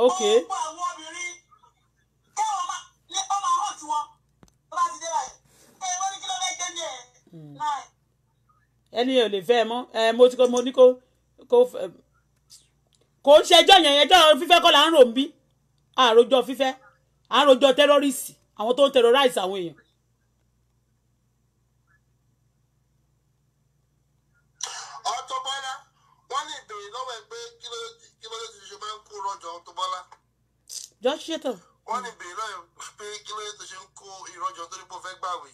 S2: ok. ọ̀pọ̀ àwọn obìnrin káwọn máa lé ọmọ àwọn tí wọn bá ti dé báyìí ẹ wọ́n ní kí ló fẹ́ jẹ́ ní ẹ̀ láì. ẹni ò lè fẹ́ ẹ mọ́ ẹ mo ti kọ́ mo ní kó kó kò ń ṣẹjọ́ yẹn ẹjọ́ fífẹ́ kọ́ là ń rò ń bí àròjọ fífẹ́ àròjọ tẹ́rọ́rìsì àwọn tó ń tẹ́rọ́ráìsì àwọn èèyàn jọ ṣe tán.
S1: wọ́n ní bèrè lọ́yọ̀ pé kí ló yẹ tó ṣe ń kó irọ́ jọ torí pé ó fẹ́ gbàwé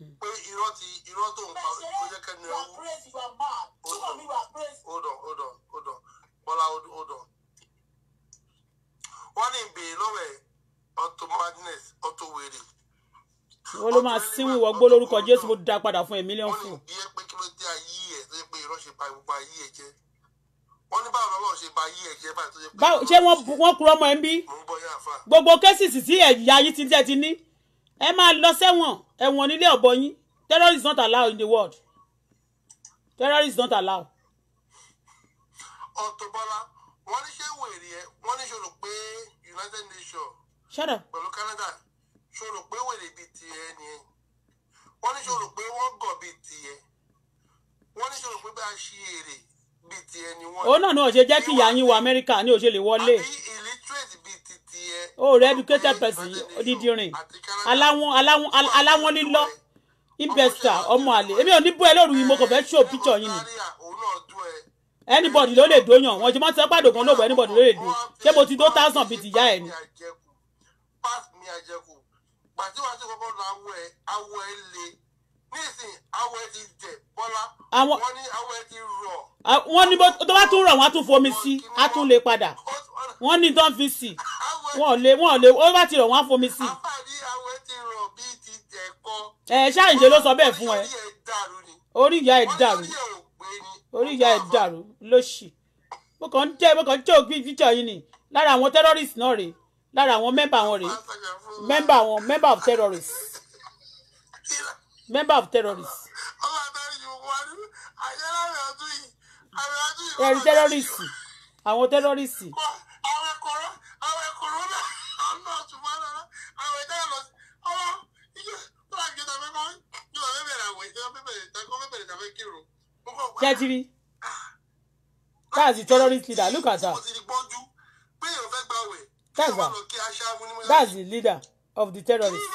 S1: hmm. pé irọ́ ti irọ́ tó ń pa ó jẹ́ kẹ́ni ẹ̀ wú. hold on hold on hold on bọ́lá hold on. wọ́n ní bèrè lọ́wọ́ ẹ̀ Auto
S2: Madness Auto Wèrè. wọ́n ló máa sínwó ìwọ́gbó lórúkọ Jésù mo dá padà fún ẹ̀ mílíọ̀nù fún. wọ́n ní bí ẹ pé kí ló dé ayé ẹ̀ tó yẹ pé irọ́ ṣe pa gbogbo ayé ẹ̀ jẹ́ wọ́n ní
S1: báwo lọ́wọ́ ṣe ba yí
S2: ẹ̀jẹ̀ báyìí tó ṣe pé. báwo ṣé wọ́n kúrò ọmọ ẹ ń bí. mo ń bọ yá àfa. gbogbo kẹ́sìsì tí ẹ̀yà yìí ti jẹ́ ti ní ẹ máa lọ sẹ́wọ̀n ẹ̀wọ̀n nílé ọ̀bọ yín terrorist not allowed in the world terrorist not allowed. Auto Bola wọ́n ní ṣé wèrè ẹ wọ́n ní ṣòro pé United Nations. Shut up. pẹ̀lú Canada ṣòro pé wèrè bíi tiẹ̀ ni ẹ wọ́n ní ṣòro pé wọ́n gọ̀
S1: bíi tiẹ̀ wọ́n ní ṣòro pé bá a ṣe èrè bíi ti ẹni wọ́n. òun náà
S2: ni ò ṣe jẹ́ kí ìyá yín wọ amẹ́ríkà ni ò ṣe lè wọlé. àbí illiterate bíi ti ti ẹ. o rẹ educated person odidi rin aláwọn aláwọn aláwọn lílọ investor ọmọ àlè èmi ò ní bú ẹ lóru yìí mo kàn fẹ́ show picture yín ni anybody ló lè dóyàn wọn jùmọ̀ tí wọ́n pàdé kan lóògùn anybody ló lè dó ṣé mo ti dó thousand bíi ti ìyá ẹ ni.
S1: pass mi àjẹkù gbàtí wàá ṣe kọ́kọ́ lọ awọ
S2: ẹ awọ ẹ le nísìnyí awọ ti jẹ bọ́lá wọ́n ní awọ ti rọ̀. wọ́n ní tó bá tún rọ̀ wọ́n á tún fomi sí á tún lè padà wọ́n ní tó ń fi sí wọ́n lè wọ́n lè ó bá ti rọ̀ wọ́n á fomi sí. ti rọ̀ bíi ti jẹ̀ kọ́. ẹ ṣáàyìnṣe ló sọ bẹ́ẹ̀ fún ẹ orí ìyá ẹ dàrú orí ìyá ẹ dàrú lóṣì mo kàn ń jẹ́ mo kàn ń jẹ́ ògbìn jíjọ yìí ni lára àwọn terrorist náà rèé lára àwọn mẹ́mbà wọn rèé mẹ́mbà wọn mẹ́mbà of terrorists member of terrorists. ẹ̀rí terrorists àwọn terrorists. àwọn kòrónà àwọn kòrónà
S1: ọ̀nà ọ̀túnmọ́ rárá àwọn ìjà lọ sí ọwọ́ ìjọ tó wà kí ọ̀tàfẹ́ kọ́ ìjọba bẹ̀rẹ̀ àwẹ̀ ìjọba bẹ̀rẹ̀ ìjọba bẹ̀rẹ̀ ìjọba kírun. kẹ́tìrì
S2: ah, that's the terrorist leader look at that. that's the that's the leader of the terrorists.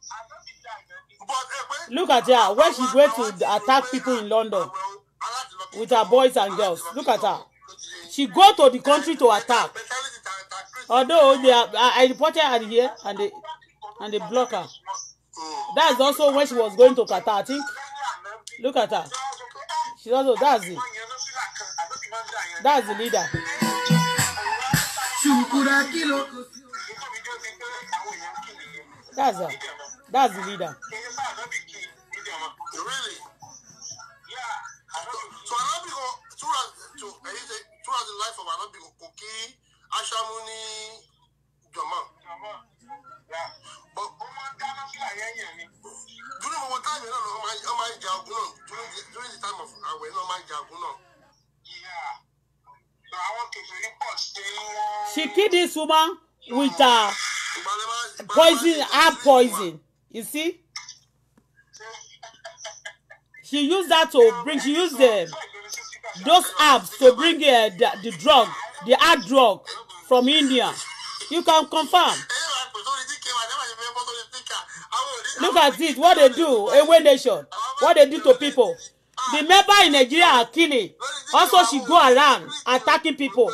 S2: Look at her when she went to attack people in London with her boys and girls. Look at her. She go to the country to attack. Although they oh, are, I, reported her here and they and they block her. That's also when she was going to Qatar, I think. Look at her. She also that's the That's the leader. That's her. That's the leader. Really?
S1: Yeah. So Anabi go throughout to throughout the life of Anabi go Koki, Ashamuni, Jama. Yeah. But during our time, you know, ó máa ń ja ogun during the time of àwẹ̀ náà ó máa ń ja
S2: Yeah. So àwọn kèfèrí pọ̀ sí She killed this woman with a poison, her poison. You see? She use that to bring, she use the, those herbs to bring uh, the, the drug, the hard drug from India. You can confirm. Look at this, what they do, Ewe Nation, what they do to people. The member in Nigeria Akini, Also, she go around attacking people.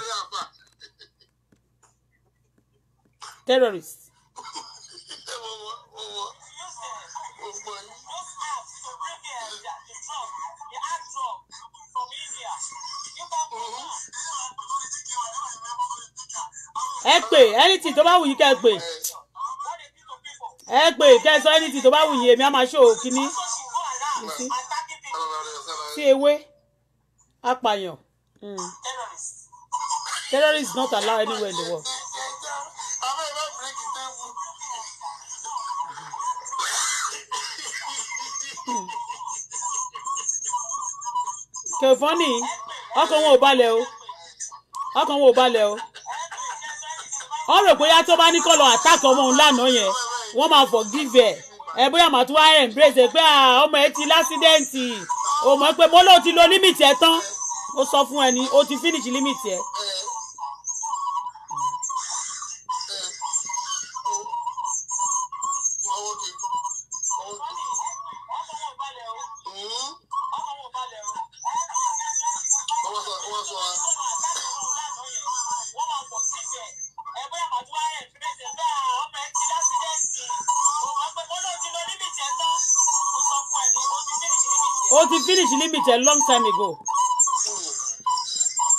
S2: Terrorists. drug, ẹ pè anything tó bá wù yín kẹ́ ẹ pè ẹ pè kẹ́ ẹ sọ anything tó bá wù yín èmi á máa ṣó kínní sí ewé apààyàn hmm. terrorist not allowed anywhere in the world. kẹfọn ní ọkàn wọn ò balẹ̀ o ọkàn wọn ò balẹ̀ o ọ rò bóyá tó bá ní kọ́ lọ attack ọmọ òun lánàá yẹn wọ́n máa forgive ẹ̀ ẹ bóyá màá tún wá embrace ẹ pé ọmọ ẹ ti lásídẹ́ǹtì o mọ̀ pé mo lóò ti lo límìtì ẹ tán ó sọ fún ẹni ó ti finish límìtì ẹ reach limit a long time ago.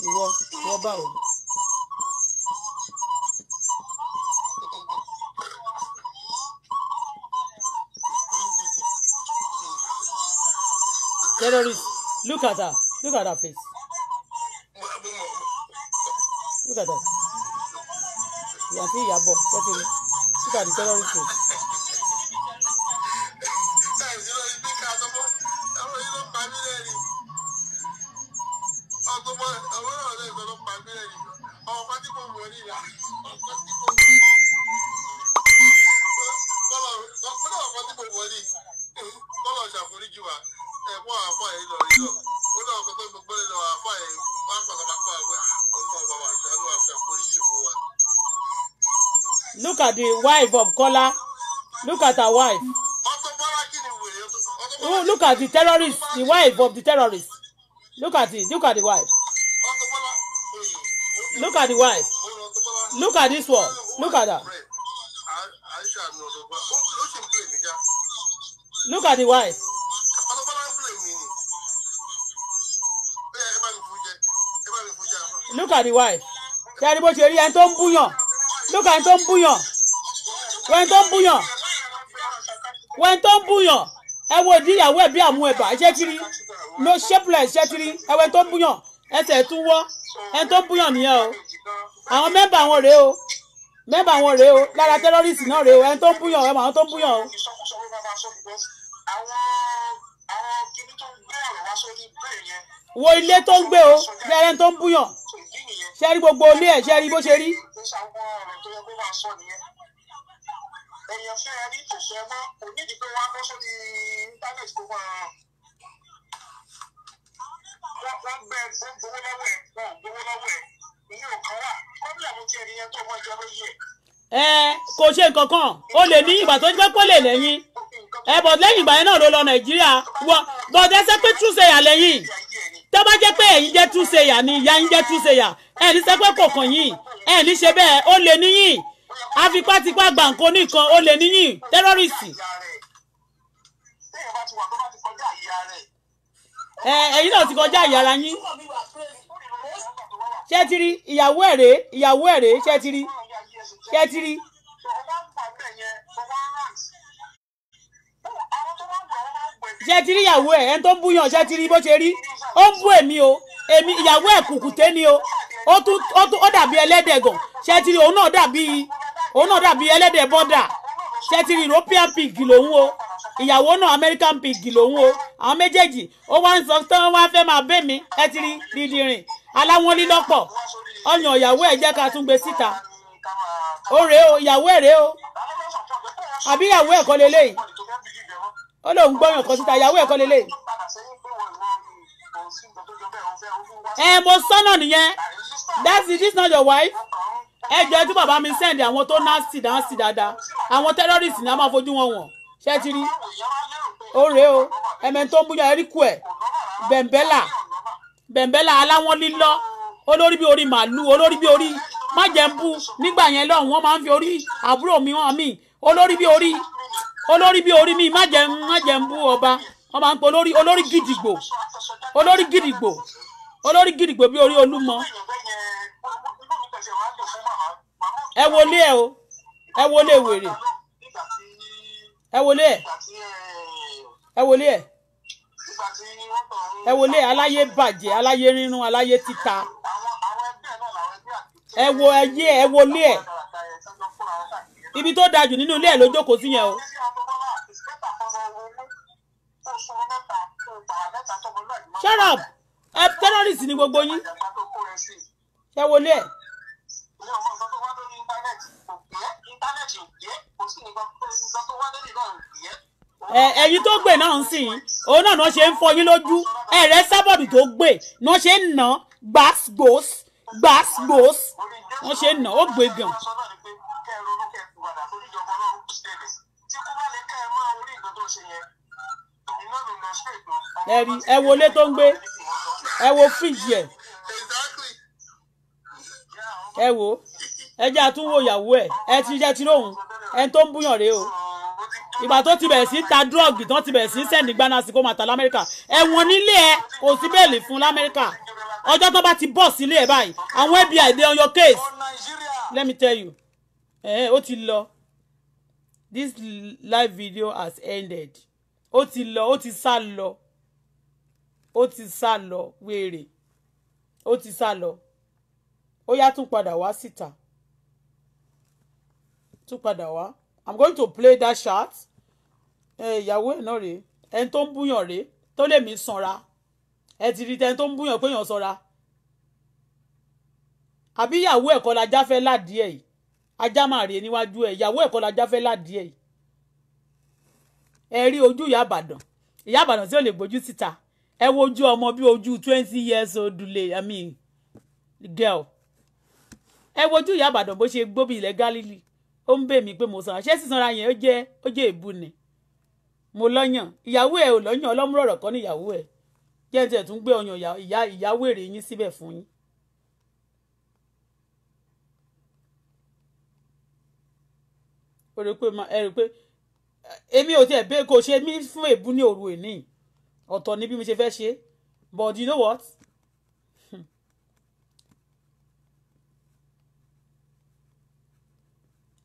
S2: ìwọ ìwọ báwo. terrorist look at her look at her face look at her yàtí ìyàbọ̀ look at the terrorist face. wife of Kola look at her wife Oh, look at the terrorist the wife of the terrorist look at it look at the wife look at the wife look at this one look at her look at the wife. look at the wife. Look at the wife. ẹni tó ń búyàn look at the wife wẹ́n tó ń búyàn wẹ́n tó ń búyàn ẹ wo ìdí ìyàwó ẹ̀ bí àmú ẹ̀bà ṣé kiri no shapeless ṣé kiri ẹ̀wẹ̀ tó ń búyàn ẹsẹ̀ tún wọ́ ẹ̀ tó ń búyàn nìyẹn o àwọn mẹ́bà wọn rèé o mẹ́bà wọn rèé o lára tẹ́rọ́rìsì náà rèé o ẹ̀ tó ń búyàn ẹ̀ mà wọn tó ń búyàn o wo ilé tó ń gbé o ṣẹ́rẹ́ tó ń búyàn ṣẹ́rí gbogbo ilé ẹ̀ ṣẹ́rí bó ṣe rí
S1: èèyàn fẹ́ ẹ ní kò fẹ́ mọ́ kò ní ìdí pé wọ́n á bọ́ sórí íńtánẹ́ẹ̀tì tó máa wọ́n wọ́n gbẹ fún gbowó lọ́wọ́ ẹ̀
S2: wọ́n gbowó lọ́wọ́ ẹ̀ èyí ò kàn wà kọ́bílà mo ti ẹ̀ nìyẹn tó máa jẹ lóye ẹ̀. ẹ kò ṣe nǹkan o lè ní ìgbà tó ń pẹ́ lè lẹ́yìn ẹ bọ̀ lẹ́yìn ìgbà yẹn náà ló lọ nàìjíríà wọ bọ̀dé ṣe pé túnṣeyà lẹ́yìn tó bá jẹ́ pé ẹ̀yin jẹ́ túnṣeyà ni ìyá yín jẹ́ túnṣeyà ẹ̀ ní sẹ́pẹ́ kọ̀ọ̀kan yìí ẹ̀ ní ṣe bẹ́ẹ̀ ó lè níyìn afipátipá gba nǹkan oníkan ó lè níyìn tẹ́rọ́rìsì. ẹ ẹ̀yin náà ti kọjá ìyá ara yín ṣé ti rí ìyàwó ẹ̀ rèé ìyàwó ẹ̀ rèé ṣé ti rí ṣé ti rí. ṣé ti rí ìyàwó ẹ̀ ẹni tó ń búyàn ṣé ti rí bó ṣe rí ó ń bú èmi o èmi ìyàwó ẹ̀ kùkùté ni o ó dàbí ẹlẹ́dẹ̀gàn ṣé òun náà dàbí òun náà dàbí ẹlẹ́dẹ̀ bọ́dà ṣẹ́tì european pig lòun o ìyàwó náà american pig lòun o àwọn méjèèjì ó wá ń sọ tí wọ́n wá fẹ́ máa bẹ́ mi ẹ ti rí dídìrín aláwọn lílọ́pọ̀ ọyàn ìyàwó ẹ̀ jẹ́ ká tún gbé síta ó rèé o ìyàwó ẹ̀ rèé o àbí ìyàwó ẹ̀ kọ́ leléyìí ó lóun gbọ́yàn kan síta ìyàwó ẹ̀ kọ́ leléyìí ẹ mo sọ́nà nìyẹn that's it this not your wife ẹ jẹ́ tí bàbá mi sẹ́ndì àwọn tó nasty nasty dáadáa àwọn terrorist ni a máa fojú wọn wọ̀n ṣé ti rí ó rèé o ẹ̀mẹ́ tó ń búyàn eríkù ẹ̀ bẹ̀m̀bẹ́là bẹ̀m̀bẹ́là aláwọ̀n lílọ́ olórí bí orí màálù olórí bí orí májẹ̀mbú nígbà yẹn lọ́hùn wọ́n máa ń fi orí àbúrò mi hàn mí olórí bí orí olórí bí orí mi májẹ̀mbú ọba wọ́n máa ń pe olórí olórí gidigbo olórí gidigbo olórí gidigbo bí orí olúmọ ẹ wọlé ẹ o ẹ wọlé wèrè ẹ wọlé ẹ ẹ wọlé ẹ ẹ wọlé aláyé bàjẹ́ aláyé rírun aláyé títa ẹ wọ ẹyẹ ẹ wọlé ẹ ibi tó dájú nínú ilé ẹ ló jókòó sí yẹn o. shut up ẹ tẹ́rọ̀rìsì ni gbogbo yín ẹ wọlé ẹ ìyá ọmọ nǹkan tó wá lórí íńtánẹ́ẹ̀tì kò pé íńtánẹ́ẹ̀tì ò pé kò sí nǹkan tó wá lórí náà ò pé ẹ̀yin tó gbè náà ń sìn òun náà náà ṣe ń fọyín lójú ẹrẹ sábọọdù tó gbè náà ṣe ń nà gbàsgbòs gbàsgbòs wọn ṣe ń nà ó gbé gan. ẹ wo ilé tó ń gbé ẹ wo fíjì ẹ̀ ẹ wò ẹ jẹ́ àtúnwò ìyàwó ẹ̀ ẹ ti jẹ́ ti lóhùn ẹ tó ń búyàn rèé o ìgbà tó ti bẹ̀rẹ̀ sí ta drug tó ti bẹ̀rẹ̀ sí sẹ́ni gbaná sí kó máa ta lamẹ́ríkà ẹ̀wọ̀n nílé ẹ kò sí bẹ́ẹ̀lì fún lamẹ́ríkà ọjọ́ tó bá ti bọ̀ sílé ẹ báyìí àwọn FBI dey on your case let me tell you ẹ eh, ó ti lọ this live video has ended ó ti lọ ó ti sá lọ ó ti sá lọ wéèrè ó ti sá lọ ó yá tún padà wá síta tún padà wá i'm going to play that shot ìyàwó ẹ̀ náà rèé ẹni tó ń búyàn rèé tó lè mí sanra ẹ ti rí tẹni tó ń búyàn pé yàn sanra àbí ìyàwó ẹ̀kọ́ la jáfẹ́ ládìí ẹ̀ yìí ajá máa rèé níwájú ẹ̀ ìyàwó ẹ̀kọ́ la jáfẹ́ ládìí ẹ̀ yìí ẹ rí ojú ìyá àbàdàn ìyá àbàdàn tí ò lè gbójú síta ẹ wo ojú ọmọ bí ojú twenty years old lè i mean girl ẹ wojú ìyá àbàdàn bó ṣe gbóbi ilẹ̀ Gálílì ó ń bè mí pé mo sanra ṣé sísanra yẹn ó jẹ́ ó jẹ́ èébú ni mo lọ́yàn ìyàwó ẹ̀ ò lọ́yàn ọlọ́múrọ̀rọ̀ kọ́ ni ìyàwó ẹ̀ jẹ́ tiẹ̀ tún gbé ọyàn ìyá ìyàwó èrè yín síbẹ̀ fún yín. o rò pé ẹ rò pé èmi ò tiẹ̀ bẹ́ẹ̀ kò ṣe mí fún èébú ní òru èní ọ̀tọ̀ ni bí mo ṣe fẹ́ ṣe but you know what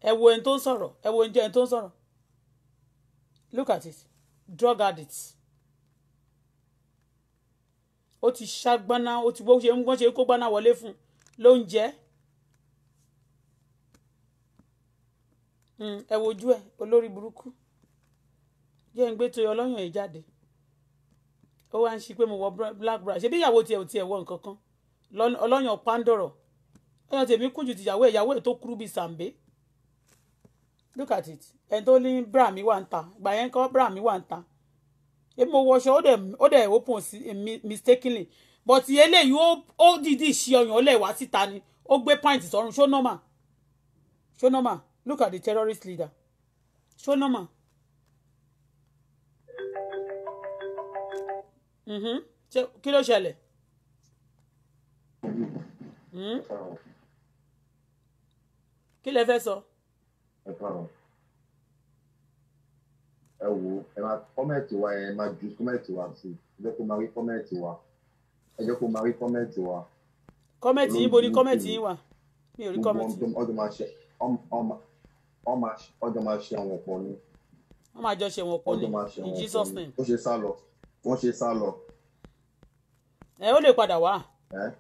S2: ẹ ẹni tó ń sọ̀rọ̀ ẹ ẹni tó ń look at it drug addict ó ti ṣàgbọ́nà ó ti bó ṣe ń gbọ́n ṣe kó gbọ́nà wọlé fún ló ń jẹ́ ẹ wojú ẹ olórí burúkú jẹ́ ń gbé tó ọlọ́yàn yìí jáde ó wá ń pé mo wọ black bra ṣe bí ìyàwó tiẹ̀ ò tiẹ̀ wọ nǹkan kan ọlọ́yàn pandoro ọlọ́yàn tèmi kùn ìyàwó ẹ̀ tó kúrú bíi sàǹbẹ́ look at it ẹni tó ní bra mi wà ń ta ìgbà yẹn kọ́ bra mi wà ń ta èmi mo wọṣọ ó dẹ̀ ó dẹ̀ open sí mistakenly but eléyìí ó ó dìídì ṣe ọyàn ọlẹ́ wá síta ni ó gbé pint sọ́run ṣó normal ṣó normal look at the terrorist leader ṣó normal. Mm-hmm. kí ló ṣẹlẹ̀. Hmm? kí lẹ fẹ́ sọ. So?
S1: ẹ fáwọn ẹ wò ó ẹ máa kọ́mẹ̀tì wa ẹ máa ju kọ́mẹ̀tì wa sí ẹ jẹ́ kó máa rí kọ́mẹ̀tì wa ẹ jẹ́ kó máa rí kọ́mẹ̀tì wa.
S2: kọ́mẹ̀tì yín bo ni kọ́mẹ̀tì yín wà mi ò rí kọ́mẹ̀tì. ọjọ́ máa ṣe ọjọ́ máa ṣe àwọn ọ̀pọ̀ ni. wọ́n máa jọ ṣe àwọn ọ̀pọ̀ ni in Jesus name. ó ṣe sá lọ
S1: wọ́n ṣe sá lọ.
S2: ẹ ó lè padà wá.
S1: ẹ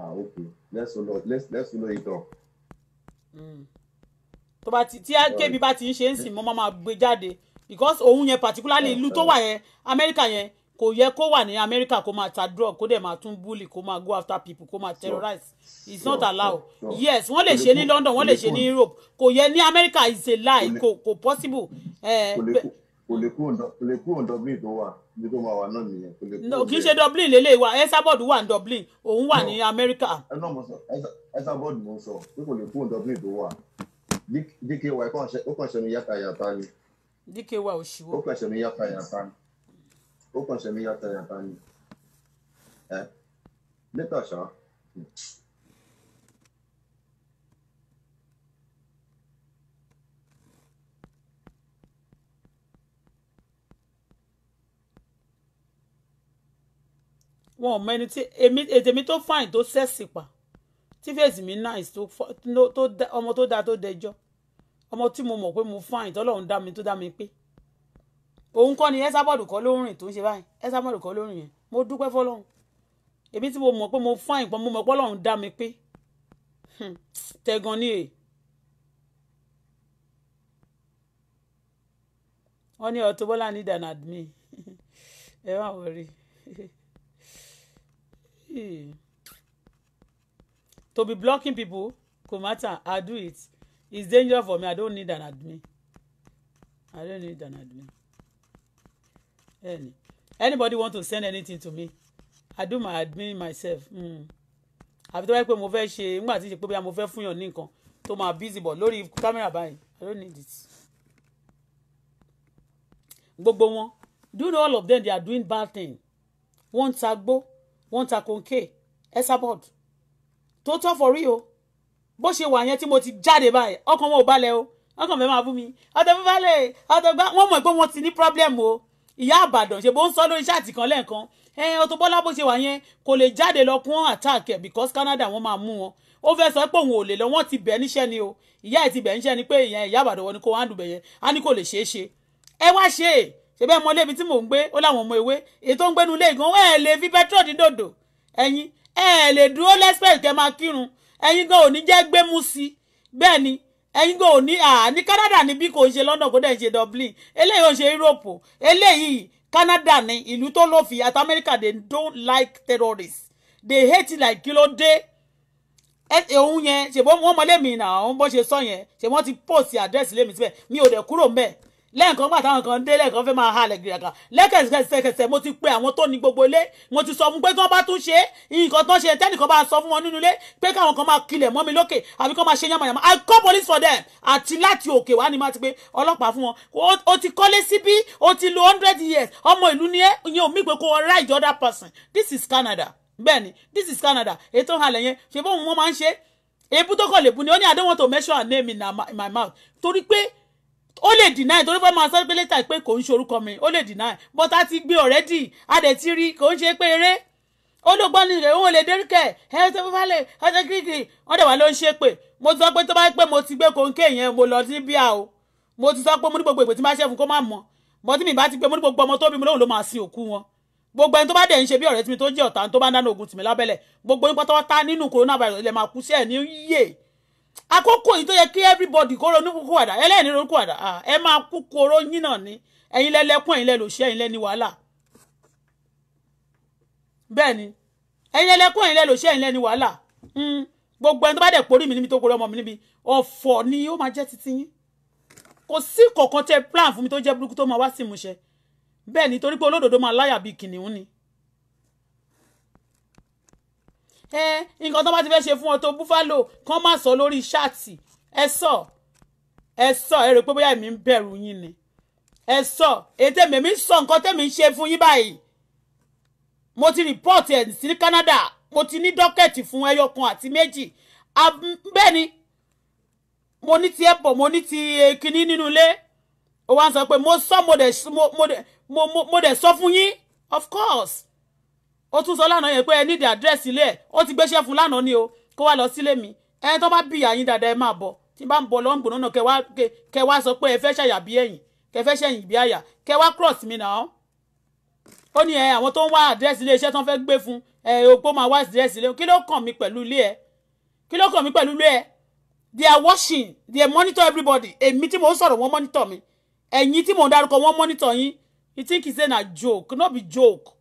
S1: ah okay let's follow let's let's follow it up.
S2: Mm tó bá ti tí kébì bá ti ń ṣe ń sìn mo máa gbé jáde because òun yẹn particularly ìlú tó wà yẹn Amẹ́ríkà yẹn kò yẹ kó wà ní Amẹ́ríkà kó máa ta drug kó dẹ̀ máa tún bully kó máa go after people kó máa terrorize it's not allowed yes wọ́n lè ṣe ní London wọ́n lè ṣe ní Europe kò yẹ ní Amẹ́ríkà it's a lie kò kò possible. Eh,
S1: kò lè kúrò Dublin tó wà ní tó máa wà náà nìyẹn
S2: kò lè ṣe Dublin lélẹ̀ wa esabod wà ní Dublin òun wà ní Amẹ́ríkà. ẹ eh, náà mo sọ esabod mo sọ pé kò lè kúrò Dublin tó wà DKY
S1: ó kàn ṣẹnu yàtàyàtà ni.
S2: DKY òṣìwò. ó kàn ṣẹnu
S1: yàtàyàtà ni ó kàn ṣẹnu yàtàyàtà ni ẹ nípa ṣá.
S2: wọn ò mọ ẹni tí èmi tó fàìn tó sẹ́sì pa tí fèsì mi nice tó ọmọ tó dáa tó dẹjọ́ ọmọ tí mo mọ̀ pé mo fine tọ́lọ́run dá mi tó dá mi pé òun kọ́ ni ẹ́sàbọ̀dù kọ́ ló ń rìn tó ń ṣe báyìí ẹ́sàbọ̀dù kọ́ ló ń rìn yẹn mo dúpẹ́ fọlọ́run èmi tí mo mọ̀ pé mo fine pọ́n mo mọ̀ pé ọlọ́run dá mi pé hmm, tẹ̀gàn ni èè e. wọ́n ní Auto Bola need an admin ẹ má wọrí. to be blocking people go matter i do it it's dangerous for me i don't need an admin i don't need an admin any anybody want to send anything to me i do my admin myself hmm. àfi tó bá yẹ pé mo fẹ́ ṣe nígbà tí ń ṣe pé bóyá mo fẹ́ fún yàn ní nǹkan tó máa busy bọ̀ lórí kámẹ́rà báyìí i don't need it gbogbo wọn do you know all of them they are doing bad thing One ń one gbó wọ́n ń esabod tó tọ́ for real bó ṣe wà yẹn tí mo ti jáde báyìí ọkàn wọn ò balẹ̀ o ọkàn mi máa bú mi ọ̀dọ̀ mi balẹ̀ ọ̀dọ̀ gbá wọ́n mọ̀ pé wọ́n ti ní problem o ìyá àbàdàn ṣe bó ń sọ lórí ṣáàtì kan lẹ́ẹ̀kan ẹ Auto Bola bó ṣe wà yẹn kò lè jáde lọ kún attack because Canada wọ́n máa mú wọn ó fẹ́ sọ pé òun ò lè lọ wọ́n ti bẹ̀ níṣẹ́ ni o ìyá ẹ̀ ti bẹ̀ níṣẹ́ ni pé ìyẹn ìyá àbàdàn wọn ni kò wá ń dùbẹ̀ yẹn á ní kò lè ṣeé ṣe ẹ wá ṣe é ṣebí ẹ mọ ilé ibi tí mò ń gbé ó láwọn ọmọ ewé èyí tó ń gbénu ilé ìgbọ̀n ẹ lè fi petrol dídòdò ẹyin ẹ lè dúró lẹ́sìpẹ̀sì kẹ́ máa kírun ẹ̀yin gan ò ní jẹ́ gbé mú sí bẹ́ẹ̀ ni ẹ̀yin gan ò ní à ní Canada níbí kò ń ṣe London kó dẹ̀ ń ṣe Dublin eléyìí ò ń ṣe Europe eléyìí Canada ni ìlú tó lófin àti America they don't like terrorists they hate like kilo ló dé òun yẹn ṣèbọn wọn mọ lẹ́mìí náà òun bó ṣe sọ yẹn ṣèbọn ti post address lẹ́mìí síbẹ̀ mi ò dẹ̀ kúrò mbẹ̀ lẹ́ẹ̀kan gbà táwọn kan dé lẹ́ẹ̀kan fẹ́ máa halẹ̀ gíraka lẹ́kẹ̀sẹ̀kẹsẹ̀ mo ti pe àwọn tó ní gbogbo ilé mo ti sọ fún pé tí wọ́n bá tún ṣe nǹkan tó ń ṣe tẹ́nìkan bá sọ fún wọn nínú ilé pé káwọn kan máa kilẹ̀ mọ́ mi lókè àbí kán máa ṣe yàmàyàmà I call police for them àti láti òkè wá ni máa ti pe ọlọ́pàá fún wọn o ti kọ́lé síbí o ti lo hundred years ọmọ ìlú ni ẹ ìyẹn ò mí pé kó o ra ìjọ other person this is Canada bẹ́ẹ̀ni this is Canada ètò ìhàlẹ̀ yẹn ṣe bóun wọn máa ń ṣe èébú tó kọ̀ lè bu ni ó ní I don't want to mention her name in my mouth torí pé ó lè deny torí fẹ́ máa sọ pé later pé kò ń ṣe orúkọ mi ó lè deny but a ti gbé already a dẹ̀ ti rí kò ń ṣe pé eré ó ló gbọ́ nílẹ̀ òun lè déríkẹ̀ ẹ tó bá lè ọjọ́ kìkì wọ́n dẹ̀ wá ló ń ṣe pé mo ti sọ pé tó bá pẹ́ mo ti gbé kòńké yẹn mo lọ sí bíà o mo ti sọ pé mo ní gbogbo ìpè tí máa ṣe fún kó má mọ mo tí mi bá ti gbé mo ní gbogbo ọmọ tó bí mo lóhùn ló máa sin òkú wọn gbogbo ẹni tó bá dẹ̀ ń ṣe bí ọ̀rẹ́ tí mi tó jẹ́ ọ̀tá tó bá ń dáná ogun tì mí lábẹ́lẹ̀ gbogbo yín pátá nínú coronavirus lè máa kú sí ẹ̀ ní yíyé àkókò yìí tó yẹ kí everybody kó ronú kúkú àdá ẹlẹ́ni ronú kúkú àdá ah, ẹ máa kú koro yín náà ni ẹ̀yin lẹ́lẹ́kún ẹ̀yin lẹ́lòṣẹ́ ẹ̀yin lẹ́ni wàhálà bẹ́ẹ̀ ni ẹ̀yin lẹ́lẹ́kún ẹ̀yin lẹ́lòṣẹ́ ẹ̀yin lẹ́ni wàhálà hmm, gbogbo ẹni tó bá dẹ̀ porí mi níbi tó kórè ọmọ mi níbi ọ̀fọ̀ ni ó máa jẹ́ títí yín kò sí kọ̀ọ̀kan tẹ plan fún mi tó jẹ́ burúkú tó máa wá sí ìmúṣẹ bẹ́ẹ̀ ni torí pé olódodo máa láyà bíi kìnìún ni ẹ nǹkan tó bá ti fẹ́ ṣe fún ọ tó búfálò kán má sọ lórí ṣáàtì ẹ sọ ẹ sọ ẹ rò pé bóyá èmi ń bẹ̀rù yín ni ẹ sọ ètè mèmí sọ nǹkan tèmi ń ṣe fún yín báyìí mo ti rìpọ́ọ̀tì ẹ̀ sí Canada mo ti ní dọ́kẹ̀tì fún ẹyọ kan àti méjì bẹ́ẹ̀ ni mo ní ti ẹ̀pọ̀ mo ní ti eh, kinní nínú ilé ó wá ń sọ pé mo sọ mo dẹ̀ sọ fún yín of course ó tún sọ lánàá yẹn pé ẹ nídìí àdírẹ́sì ilé ẹ̀ ó ti gbéṣẹ́ fún lánàá ni o kó wá lọ sílé mi ẹ tó bá bìyà yín dáadáa ẹ máa bọ̀ tí bá ń bọ̀ lọ́ ń gbòná náà kẹ wá sọ pé ẹ fẹ́ ṣàyà bí ẹ̀yìn kẹ fẹ́ ṣẹ̀yìn bí àyà kẹ wá cross mi náà ó ní ẹ àwọn tó ń wá àdírẹ́sì ilé iṣẹ́ tó ń fẹ́ gbé fún ẹ òpó máa wá àdírẹ́sì ilé kí ló kàn mí pẹ̀lú ilé ẹ kí ló kàn mí pẹ̀lú ilé ẹ they are watching they are monitor everybody èmi tí mo ń sọ̀rọ̀ wọ́n monitor mi ẹ̀yin tí mo ń darúkọ wọ́n monitor yín you think it's a joke no be joke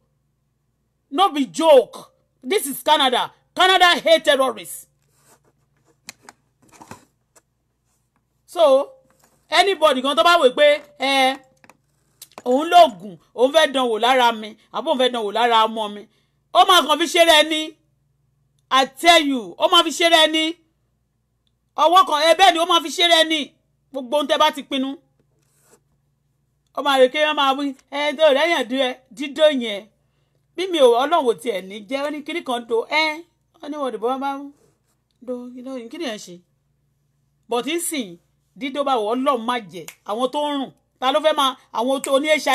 S2: no be joke this is Canada Canada hate terrorists so anybody kan tó bá we pé ẹ eh, òun lóògùn òun fẹ́ dánwò lára mi àbí òun fẹ́ dánwò lára ọmọ mi ó máa kàn fi ṣeré ẹni I tell you ó máa fi ṣeré ẹni ọwọ́ kan ẹ bẹ́ẹ̀ ni ó máa fi ṣeré ẹni gbogbo ohun tẹ́ bá ti pinnu ó máa rè ké wọ́n máa wí ẹ eh, tó rẹ́yìn dídó yẹn bí mi ò ọlọ́wọ́ tiẹ̀ ní jẹ́ ó ní kíní kan do ẹ́ ó ní wọ́n dìbò bá do kíní ẹ̀ ṣe bọ̀tí sìn dídó bá wọ́n lọ́ọ̀ má jẹ́ àwọn tó ń rùn ta ló fẹ́ máa àwọn tó ní hiv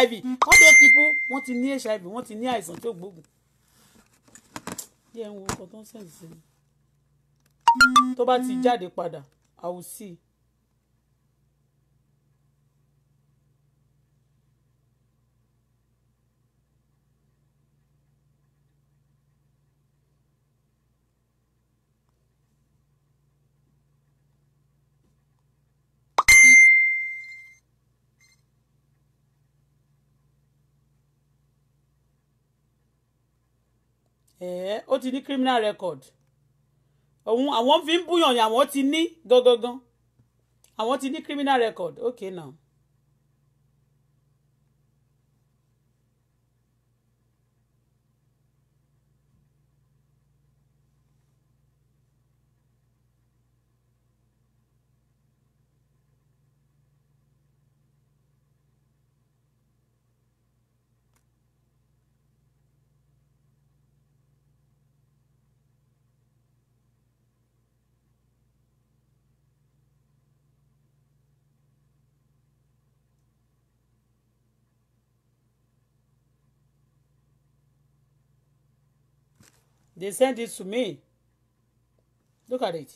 S2: all those people wọ́n ti ní hiv wọ́n ti ní àìsàn tó gbógun. díẹ̀ ń wo ọkọ̀ tó ń sẹ̀ sí i tó bá ti jáde padà I will see. ẹ ó ti ní criminal record òun àwọn fi ń búyàn ni àwọn ti ní gangan àwọn ti ní criminal record okay now They sent it to me. Look at it.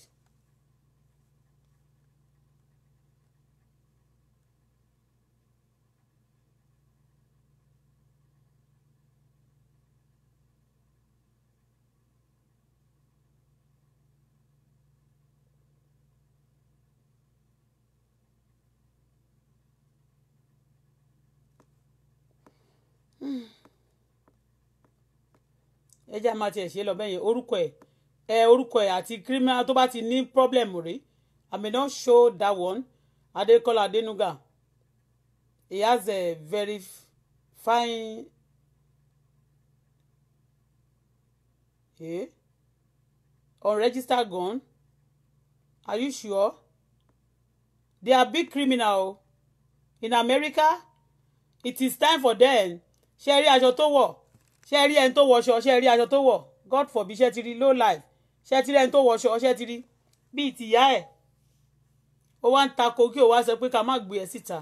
S2: ẹ jẹ́ àmà tiẹ̀ ṣe lọ bẹ́ẹ̀ yẹn orúkọ ẹ̀ ẹ orúkọ ẹ̀ àti criminal tó bá ti ní problem rí I may not show that one Adekola Adenuga he has a very fine eh? unregistered gun are you sure they are big criminal in America it is time for them ṣe rí aṣọ tó wọ̀ ṣe rí ẹni tó wọṣọ ṣe rí aṣọ tó wọ̀ god forbid ṣe ti rí low life ṣe ti rí ẹni tó wọṣọ ṣe ti rí bíi tìyá ẹ̀ ó wá ń takò kí ó wá sọ pé ká má gbé ẹ síta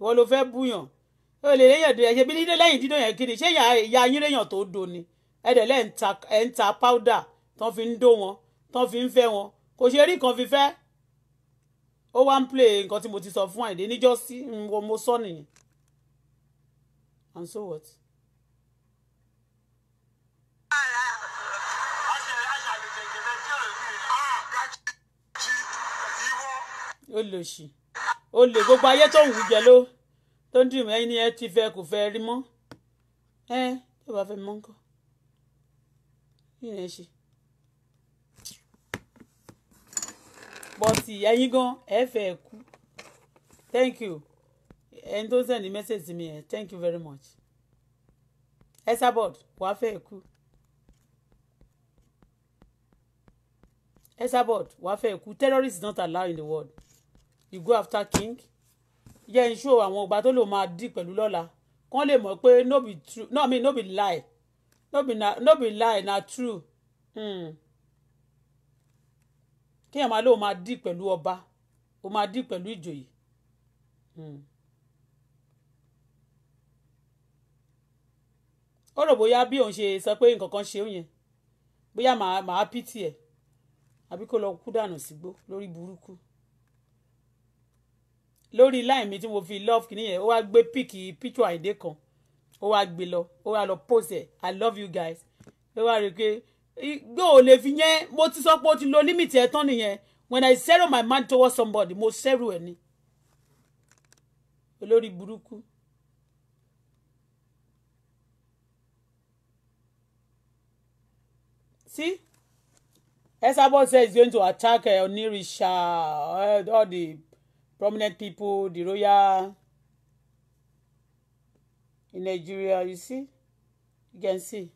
S2: ìwọ ló fẹ́ búyàn ó lè léyàn dè ṣe bí nílé lẹ́yìn dídò yẹn kiri ṣé ìyá yín léyàn tó do ni ẹ̀dẹ̀ lẹ́ ń ta powder tán fi ń dó wọn tán fi ń fẹ́ wọn kò ṣe rí nǹkan fi fẹ́ ó wá ń play nǹkan tí mo ti sọ fún àìdè níjọ́sí mo sọ nìyẹn and so what. ó lè ṣì ó lè gbogbo ayé tó ń wù jẹ ló tó ń dì mọ́ ẹni ẹ ti fẹ́ kò fẹ́ rí mọ́ ẹ tó bá fẹ́ mọ́ nǹkan yìí ni ẹ ṣe. bọ́tì ẹ̀yin gan ẹ fẹ́ kú thank you ẹni tó ń sẹ́ndí mẹ́sẹ̀jì mi ẹ̀ thank you very much ẹ sábọ̀d wàá fẹ́ kú ẹ sábọ̀d wàá fẹ́ kú terrorists not allowed in the world you go after king yẹ n ṣó àwọn ọba tó lò máa dì pẹ̀lú lọ́la kán lè mọ̀ pé no be true no I mean no be lie no be na no be lie na true Hmm. mm. kéèyàn máa lóò máa dì pẹ̀lú ọba ó máa dì pẹ̀lú ìjòyè. Mm. ó rò bóyá bí òun ṣe sọ pé nǹkan kan ṣe òun yẹn bóyá màá màá pìtì ẹ̀ àbí kó lọ kú dànù sígbó lórí burúkú lórí line mi tí mo fi love kìíní yẹn ó wá gbé píkì píkì àìdè kan ó wá gbé lọ ó wá lọ post ẹ i love you guys ó wá rí i pé gbé ò lè fi yẹn mo ti sọ pé o ti lo limit ẹ tán nìyẹn when i zero my mind towards somebody mo zero ẹ ni olórí burúkú. See, Esabod says he's going to attack uh, eh, Onirisha, eh, all the prominent people, the royal in Nigeria, you see? You can see.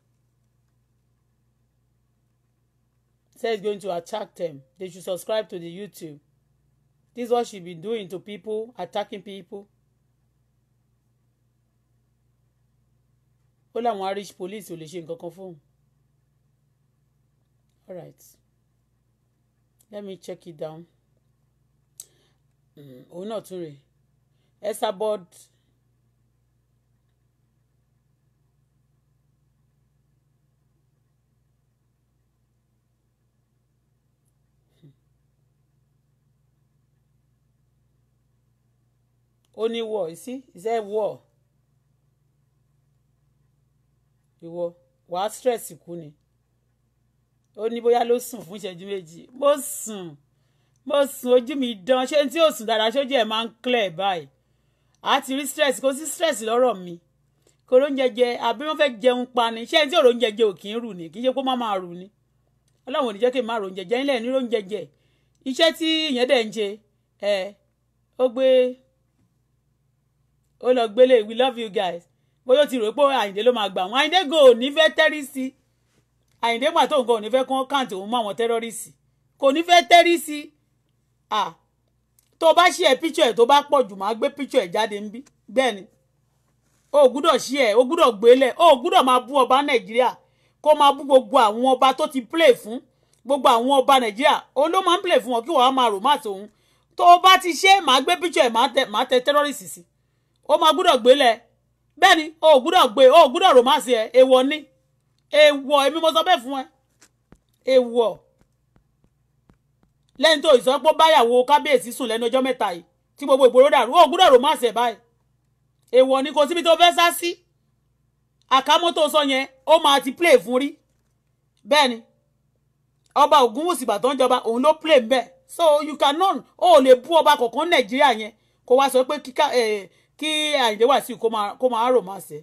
S2: Says going to attack them. They should subscribe to the YouTube. This is what she been doing to people, attacking people. ó láwọn irish police will lè ṣe nǹkan all right let me check it down. Mm-hmm. òun náà tún rèé Esabod ó ní wọ ìsí ìṣe wọ ìwọ wàá stress kú ni ó ní bóyá ló sùn fún ìṣẹ́jú méjì mo sùn mo sùn ojú mi dán ṣé tí ò sùn dáadáa ṣojú ẹ̀ máa ń clear báyìí a ti rí stress kò sí stress lọ́rọ̀ mi kò lóúnjẹ jẹ àbí wọ́n fẹ́ jẹun pa ni ṣé tí ò lóúnjẹ jẹ ò kì í rù ni kì í ṣe kó má máa rù ni ọlọ́run ò ní jẹ́ kí n máa ròúnjẹ jẹ nílẹ̀ ní lóúnjẹ jẹ iṣẹ́ tí ìyẹn dẹ̀ ń ṣe ẹ ó gbé ó lọ gbélé we love you guys bóyá ó ti rò pé àyìndé ló máa gbà wọn àyìndé go ò ní fẹ́ tẹ́rìsì àyìndé gbà tó nǹkan ò ní fẹ́ kán káǹtì òun mọ́ àwọn tẹ́rọ́rìsì kò ní fẹ́ tẹ́rìsì ah tó o bá ṣí ẹ píṣọ ẹ tó bá pọ̀ jù máa gbé píṣọ ẹ jáde ń bí bẹ́ẹ̀ ni o ò ṣí ẹ o gbúdọ̀ gbélé o ò máa bú ọba nàìjíríà kó máa bú gbogbo àwọn ọba tó ti play fún gbogbo àwọn ọba nàìjíríà òun ló máa ń play fún wọn kí wọ́n máa rò má tòun tó o bá ti ṣe máa gbé píṣọ ẹ máa tẹ tẹ́rọ́rìsì sí o máa gbúdọ̀ gbélé bẹ́ẹ̀ ni o ò gbé o ò rò má sí ẹ èèwọ̀ ni èèwọ̀ èmi mo sọ bẹ́ẹ̀ fún ẹ èèwọ̀ lẹ́yìn tó ìsọ pé báyàwó kábíyèsí sùn lẹ́nu ọjọ́ mẹ́ta yìí tí gbogbo ìgboro dàrú ó gbúdọ̀ rò má ṣe báyìí èèwọ̀ ni kò síbi tó fẹ́ sá sí àkámọ́tò sọ yẹn ó máa ti play fún rí bẹ́ẹ̀ ni ọba Ògúnwùsì Ìbàdàn jọba òun ló play ń bẹ̀ so you cannot ó lè bú ọba kọ̀ọ̀kan Nàìjíríà yẹn kó wá sọ pé kí eh, Àyìndé Wàsíù kó máa rò má ṣe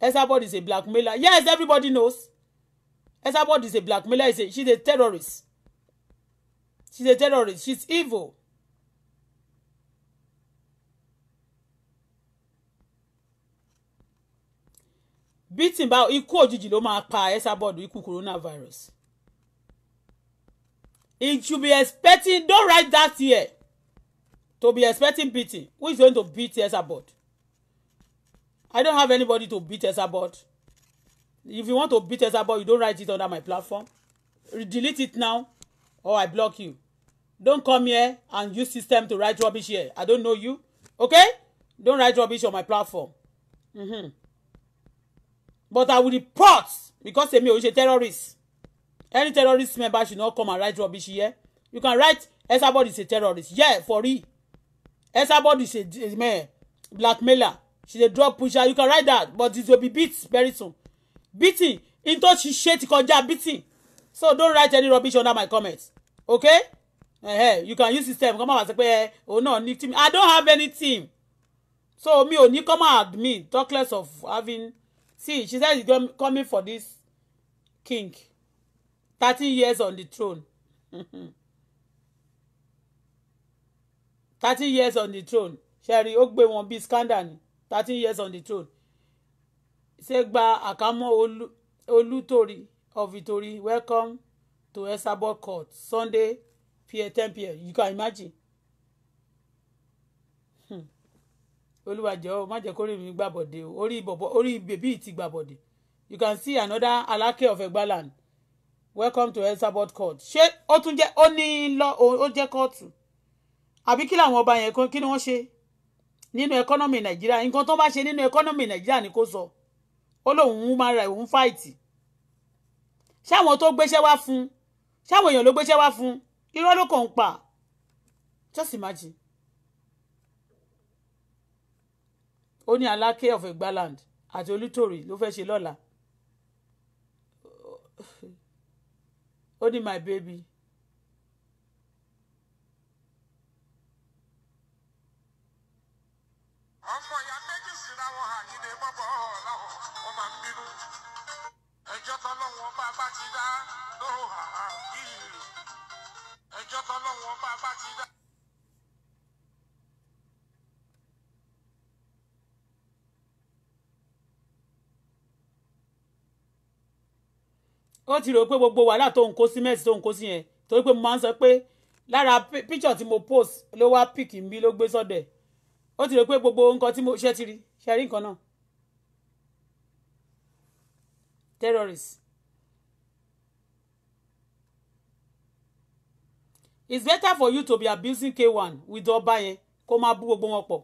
S2: is a blackmailer yes everybody knows Esabod is a blackmailer. Is a, she's a terrorist. She's a terrorist. She's evil. beating bá ikú òjijì ló máa pa Esabod ikú coronavirus. It should be expecting don't write that here to be expecting beating who is going to beat Esabod? I don't have anybody to beat Esabod if you want to beat Esabod you don't write it under my platform delete it now or I block you don't come here and use system to write rubbish here I don't know you okay don't write rubbish on my platform mm-hmm. but I will report because èmi ò ṣe terrorist any terrorist member should not come and write rubbish here you can write Esabod is a terrorist yeah for real Esabod is a, man blackmailer she dey drop pusher you can write that but this will be beat very soon beating in tó ti ṣe ti kọjá beating so don't write any rubbish under my comments okay uh-huh. you can use system kọ́ máa wá sí pé eh, òun náà ní team i don't have any team so mi ò ní come and me talk less of having see she said she's coming for this king thirteen years on the throne thirteen years on the throne Sherry, rí ó gbé scandal thirteen years on the throne Segba Akamo Olu, Olutori of Itori, welcome to Esabor Court, Sunday, p.m. 10 p.m. You can imagine. Hmm. olùwàjọ má jẹ́ kórè mi gbàbọ̀dé o orí bọ̀bọ̀ orí bèbí ti gbàbọ̀dé you can see another Alake of Egbaland welcome to Esabor court ṣé ó tún jẹ́ ó ní lọ ó jẹ́ kóòtù àbí kí làwọn ọba yẹn kí ni wọ́n ṣe nínú ẹkọ́nọ́mì nàìjíríà nǹkan tó bá ṣe nínú ẹkọ́nọ́mì nàìjíríà ni kò sọ. So ó lóun human right òun fáìtì ṣé àwọn tó gbéṣẹ́ wá fún ṣé àwọn èèyàn ló gbéṣẹ́ wá fún irọ́ ló kàn ń pa just imagine ó ní Aláké of Egbaland àti Olútòrè ló fẹ́ ṣe lọ́la ó ní my baby
S1: ẹjọ́ tọ́lọ́wọ́n bá bá ti dá lóhùn àhàkì ẹjọ́ tọ́lọ́wọ́n bá bá ti dá.
S2: ó ti rò pé gbogbo wàhálà tó ń kó sí mẹ́sì tó ń kó sí yẹn torí pé mo máa ń sọ pé lára píṣọ̀ tí mo post ló wá pìkì mi ló gbé sọ́dọ̀ ẹ̀ ó ti rò pé gbogbo nǹkan tí mo ṣe ti rí ṣe rí nǹkan náà terrorists. it's better for you to be abusing k1 with ọbàyẹn kó máa bú gbogbo wọn pọ̀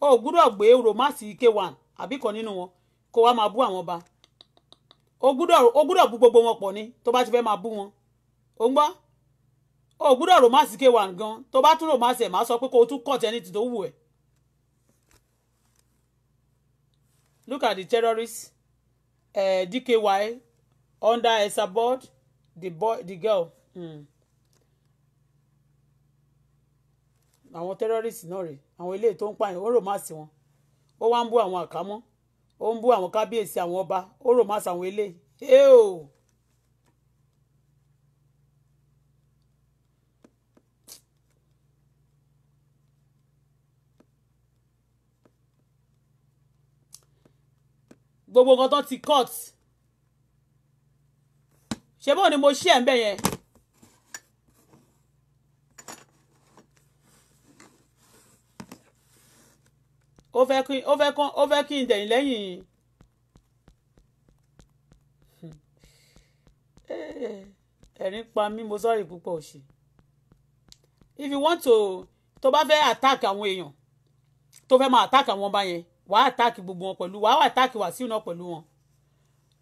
S2: o gbúdọ̀ gbé romance k1 àbí kan nínú wọn kó wá máa bú àwọn ọba o gbúdọ̀ o gbúdọ̀ bú gbogbo wọn pọ̀ ni tó bá ti fẹ́ máa bú wọn o ń gbọ́ o gbúdọ̀ romance k1 gan tó bá tún romance ẹ̀ máa sọ pé kó o tún kọ̀ tẹ́ni tó wù ẹ́. look at the terrorists uh, eh, DKY under Esa board, the girl. Hmm. àwọn terrorist náà rè àwọn ilé tó ń pààyàn ó rò má wọn ó wá ń bú àwọn àkámọ́ ó ń bú àwọn kábíyèsí àwọn ọba ó rò má si àwọn ilé. Hey, gbogbo nǹkan tó ti cut ṣé bọ́ọ̀ ni mo ṣí ẹ̀ ń bẹ̀ yẹn. ó fẹ́ kí n dẹ̀yìn lẹ́yìn. ẹ̀rín pa mí mo sọ̀rọ̀ púpọ̀ òsì. if you want to tó bá fẹ́ attack àwọn èèyàn tó fẹ́ máa attack àwọn ọba yẹn wàá àtàkì gbogbo wọn pẹ̀lú wàá àtàkì Wàsíù náà pẹ̀lú wọn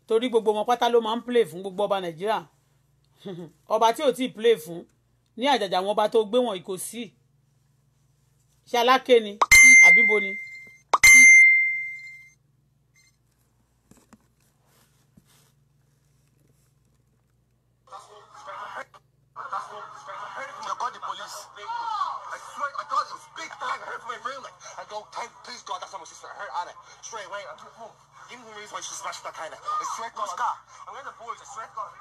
S2: torí gbogbo wọn pátá ló máa ń play fún gbogbo ọba Nàìjíríà ọba tí ò tí ì play fún ní àjàjà wọn ọba tó gbé wọn ìkó sí ṣe aláké ni àbíbo ni.
S1: straight away. Give me the reason why she smashed that kind of. I swear to God. I'm going to the boys, I swear to God.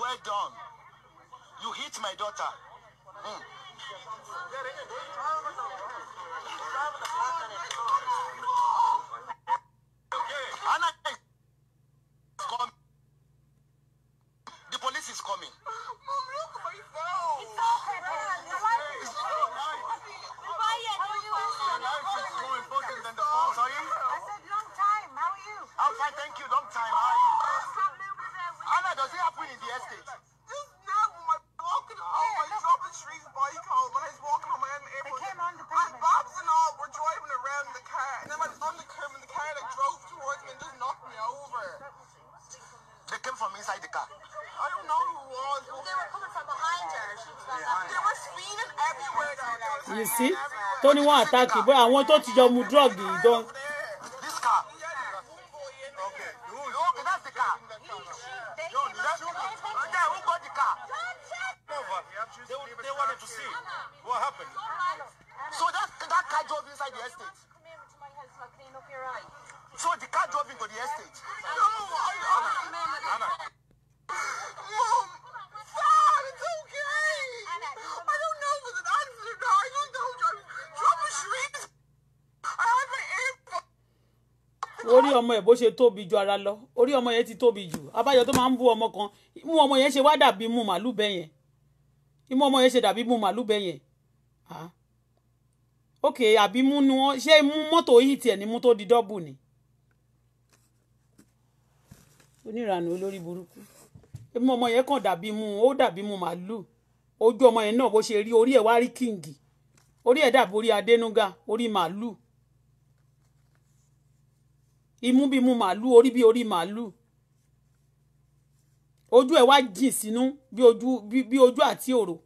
S1: Well
S2: done. You hit my daughter. Mm. you see tó ní wọ́n àtàkì bóyá àwọn tó ti jọ mu drug yìí dán.
S1: So that that car drove inside the estate. So the car drove into the estate.
S2: orí ọmọ ẹ̀ bó ṣe tóbi ju ara lọ orí ọmọ yẹn ti tóbi ju. abájọ tó máa ń bú ọmọ kan imú ọmọ yẹn ṣe wá dàbí mu màálù bẹ́ẹ̀ yẹn imú ọmọ yẹn ṣe dàbí mu màálù bẹ́ẹ̀ yẹn ok àbí mú ni wọ́n ṣé mú mọ́tò yìí tiẹ̀ ni mú tó di dọ́bù ni oníranú olórí burúkú imú ọmọ yẹn kàn dàbí mu ó dàbí mu màálù ojú ọmọ yẹn náà bó ṣe rí orí ẹ̀ wá rí kíǹgì orí ẹ̀ dàbí orí adénúgà orí màálù imú bí imú màálù orí bí orí màálù ojú ẹ̀ wá jìn sínú bí ojú bí ojú àti òrò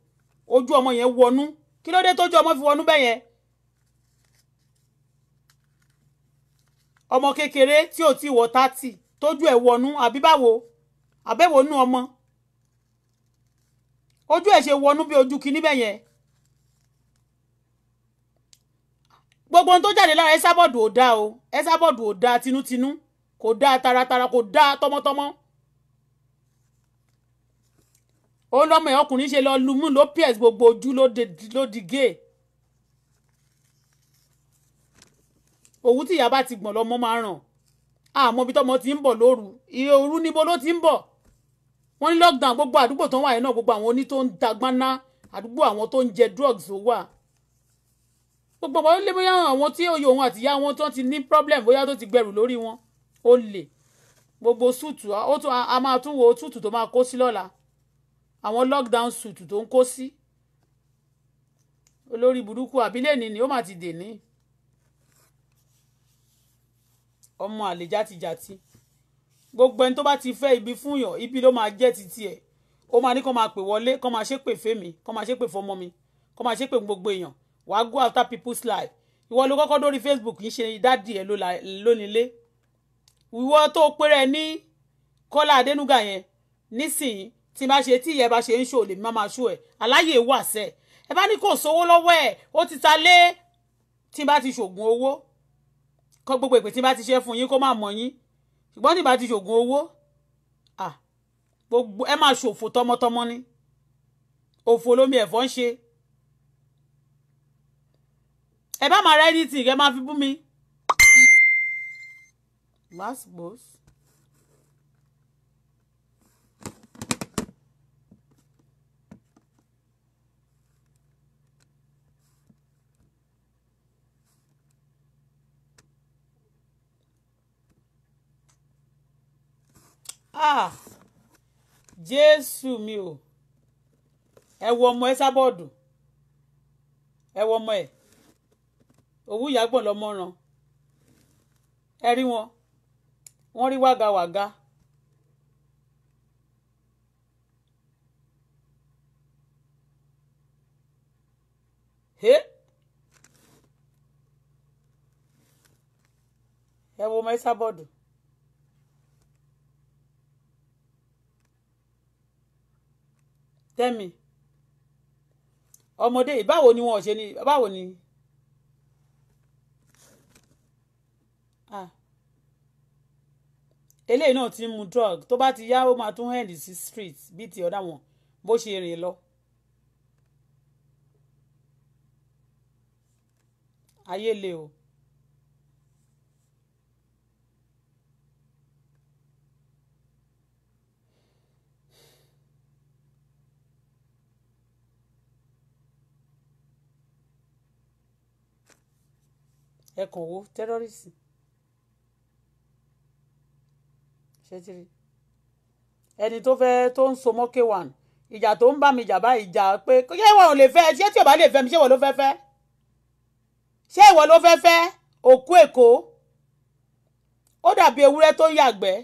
S2: ojú ọmọ yẹn wọnú kí ló dé tójú ọmọ fi wọnú bẹ́ẹ̀ yẹn ọmọ kékeré tí ò ti wọ tátì tójú ẹ̀ wọnú àbí báwo àbẹ̀wò nú ọmọ ojú ẹ̀ ṣe wọnú bí ojú kinní bẹ́ẹ̀ yẹn gbogbo ohun tó jáde lára Ẹsábọ̀dù ò dáa o Ẹsábọ̀dù ò dáa tinútinú kò dáa taratara kò dáa tọmọtọmọ ó lọ́mọ ẹ̀ ọkùnrin ṣe lọ lumú ló pierce gbogbo ojú ló di gay òwú tí ìyá bá ti gbọ̀n lọ́mọ máa ràn àmọ́ ibi tọ́mọ ti ń bọ̀ lóru iye òru níbo ló ti ń bọ̀ wọ́n ní lockdown gbogbo àdúgbò tó ń wà yẹn náà gbogbo àwọn oní tó ń dagbáná àdúgbò àwọn tó ń jẹ drugs ó wà gbogbo ọ̀pọ̀ lé bóyá àwọn tí oyè òun àtìyá wọn tó ti ní problem bóyá tó ti gbẹrù lórí wọn ó lè gbogbo súùtù ó tún a máa tún wo súùtù tó máa kó sí lọ́la àwọn lockdown súùtù tó ń kó sí olórí burúkú àbílẹ̀ ni ni ó mà ti dè ní ọmọ àlè játijàti gbogbo ẹni tó bá ti fẹ́ ibi fún yàn ibi ló máa jẹ́ títí ẹ̀ ó máa ní kó máa pè wọlé kó máa ṣépè fèmí kó máa ṣépè fọmọ mi kó máa ṣépè gbogbo èèyàn wàá go after people's life ìwọ ló kọ́kọ́ dórí facebook kì í ṣe dádì ẹ̀ lónílé ìwọ tó péré ní kọ́lá adénúgà yẹn nísìnyí tí bá ṣe tí ìyẹn bá ṣe ń ṣò lèmi má máa ṣò ẹ̀ aláyè wà sẹ́ ẹ bá ní kò sówó lọ́wọ́ ẹ̀ ó ti ta lé tí bá ti ṣògùn owó kọ́ gbogbo ìpè tí bá ti ṣe fún yín kó má mọ̀ yín ṣùgbọ́n tí bá ti ṣògùn owó gbogbo ẹ máa ṣòfò tọmọtọmọ ni òfò lomi ẹ̀fọ́ ń ṣe ẹ bá máa ra anything kẹ máa fi bú mi. last boss. ah jésù mi ò ẹ wo ọmọ ẹ sábọọdù ẹ wo ọmọ ẹ òwú ìyàgbọ̀n lọ́mọ́ràn ẹ rí wọn wọ́n rí wágawàga ẹ wo mẹ́sà bọ́ọ̀dù. tẹ́mi ọmọdé yìí báwo ni wọn ò ṣe ni báwo ni eléyìí náà ti ń mu drug tó bá ti yá ó máa tún hẹ́ndì sí street bíi ti ọ̀dà wọn bó ṣe rìn lọ. ayé le o. ẹ kàn wo tẹ́rọ́rìsì. ṣètìrì ẹni tó fẹ́ tó ń so mọ́ k1 ìjà tó ń bá mi jà báyìí jà pé ṣé ìwọ ò lè fẹ́ ṣé tí ò bá lè fẹ́ mi ṣé ìwọ ló fẹ́ fẹ́ ṣé ìwọ ló fẹ́ fẹ́ òkú èkó ó dàbí ewúrẹ́ tó yàgbẹ́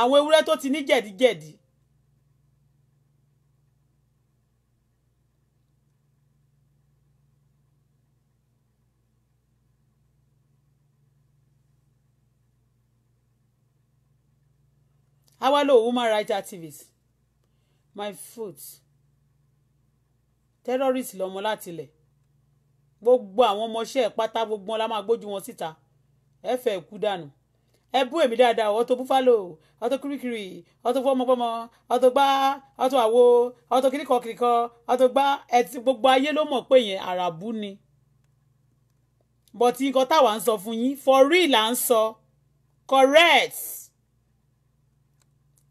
S2: àwọn ewúrẹ́ tó ti ní jẹ̀díjẹ̀dí awa lo woman rights activist my foot terrorist lọmọ láti ilẹ̀ gbogbo àwọn ọmọọṣẹ́ ẹ̀ pátá gbogbo wọn la máa gbójú wọn síta ẹ fẹ́ kú dànù ẹ bú èmi dáadáa ọ̀tọ̀ búfalo ọ̀tọ̀ kirikiri ọ̀tọ̀ fọmọfọmọ ọ̀tọ̀ gbá ọ̀tọ̀ àwo ọ̀tọ̀ kirikọkirikọ ọ̀tọ̀ gbá ẹtì gbogbo ayé ló mọ̀ pé yẹn àràbù ni bọ̀tí nǹkan táwa ń sọ fún yín for real à ń sọ correct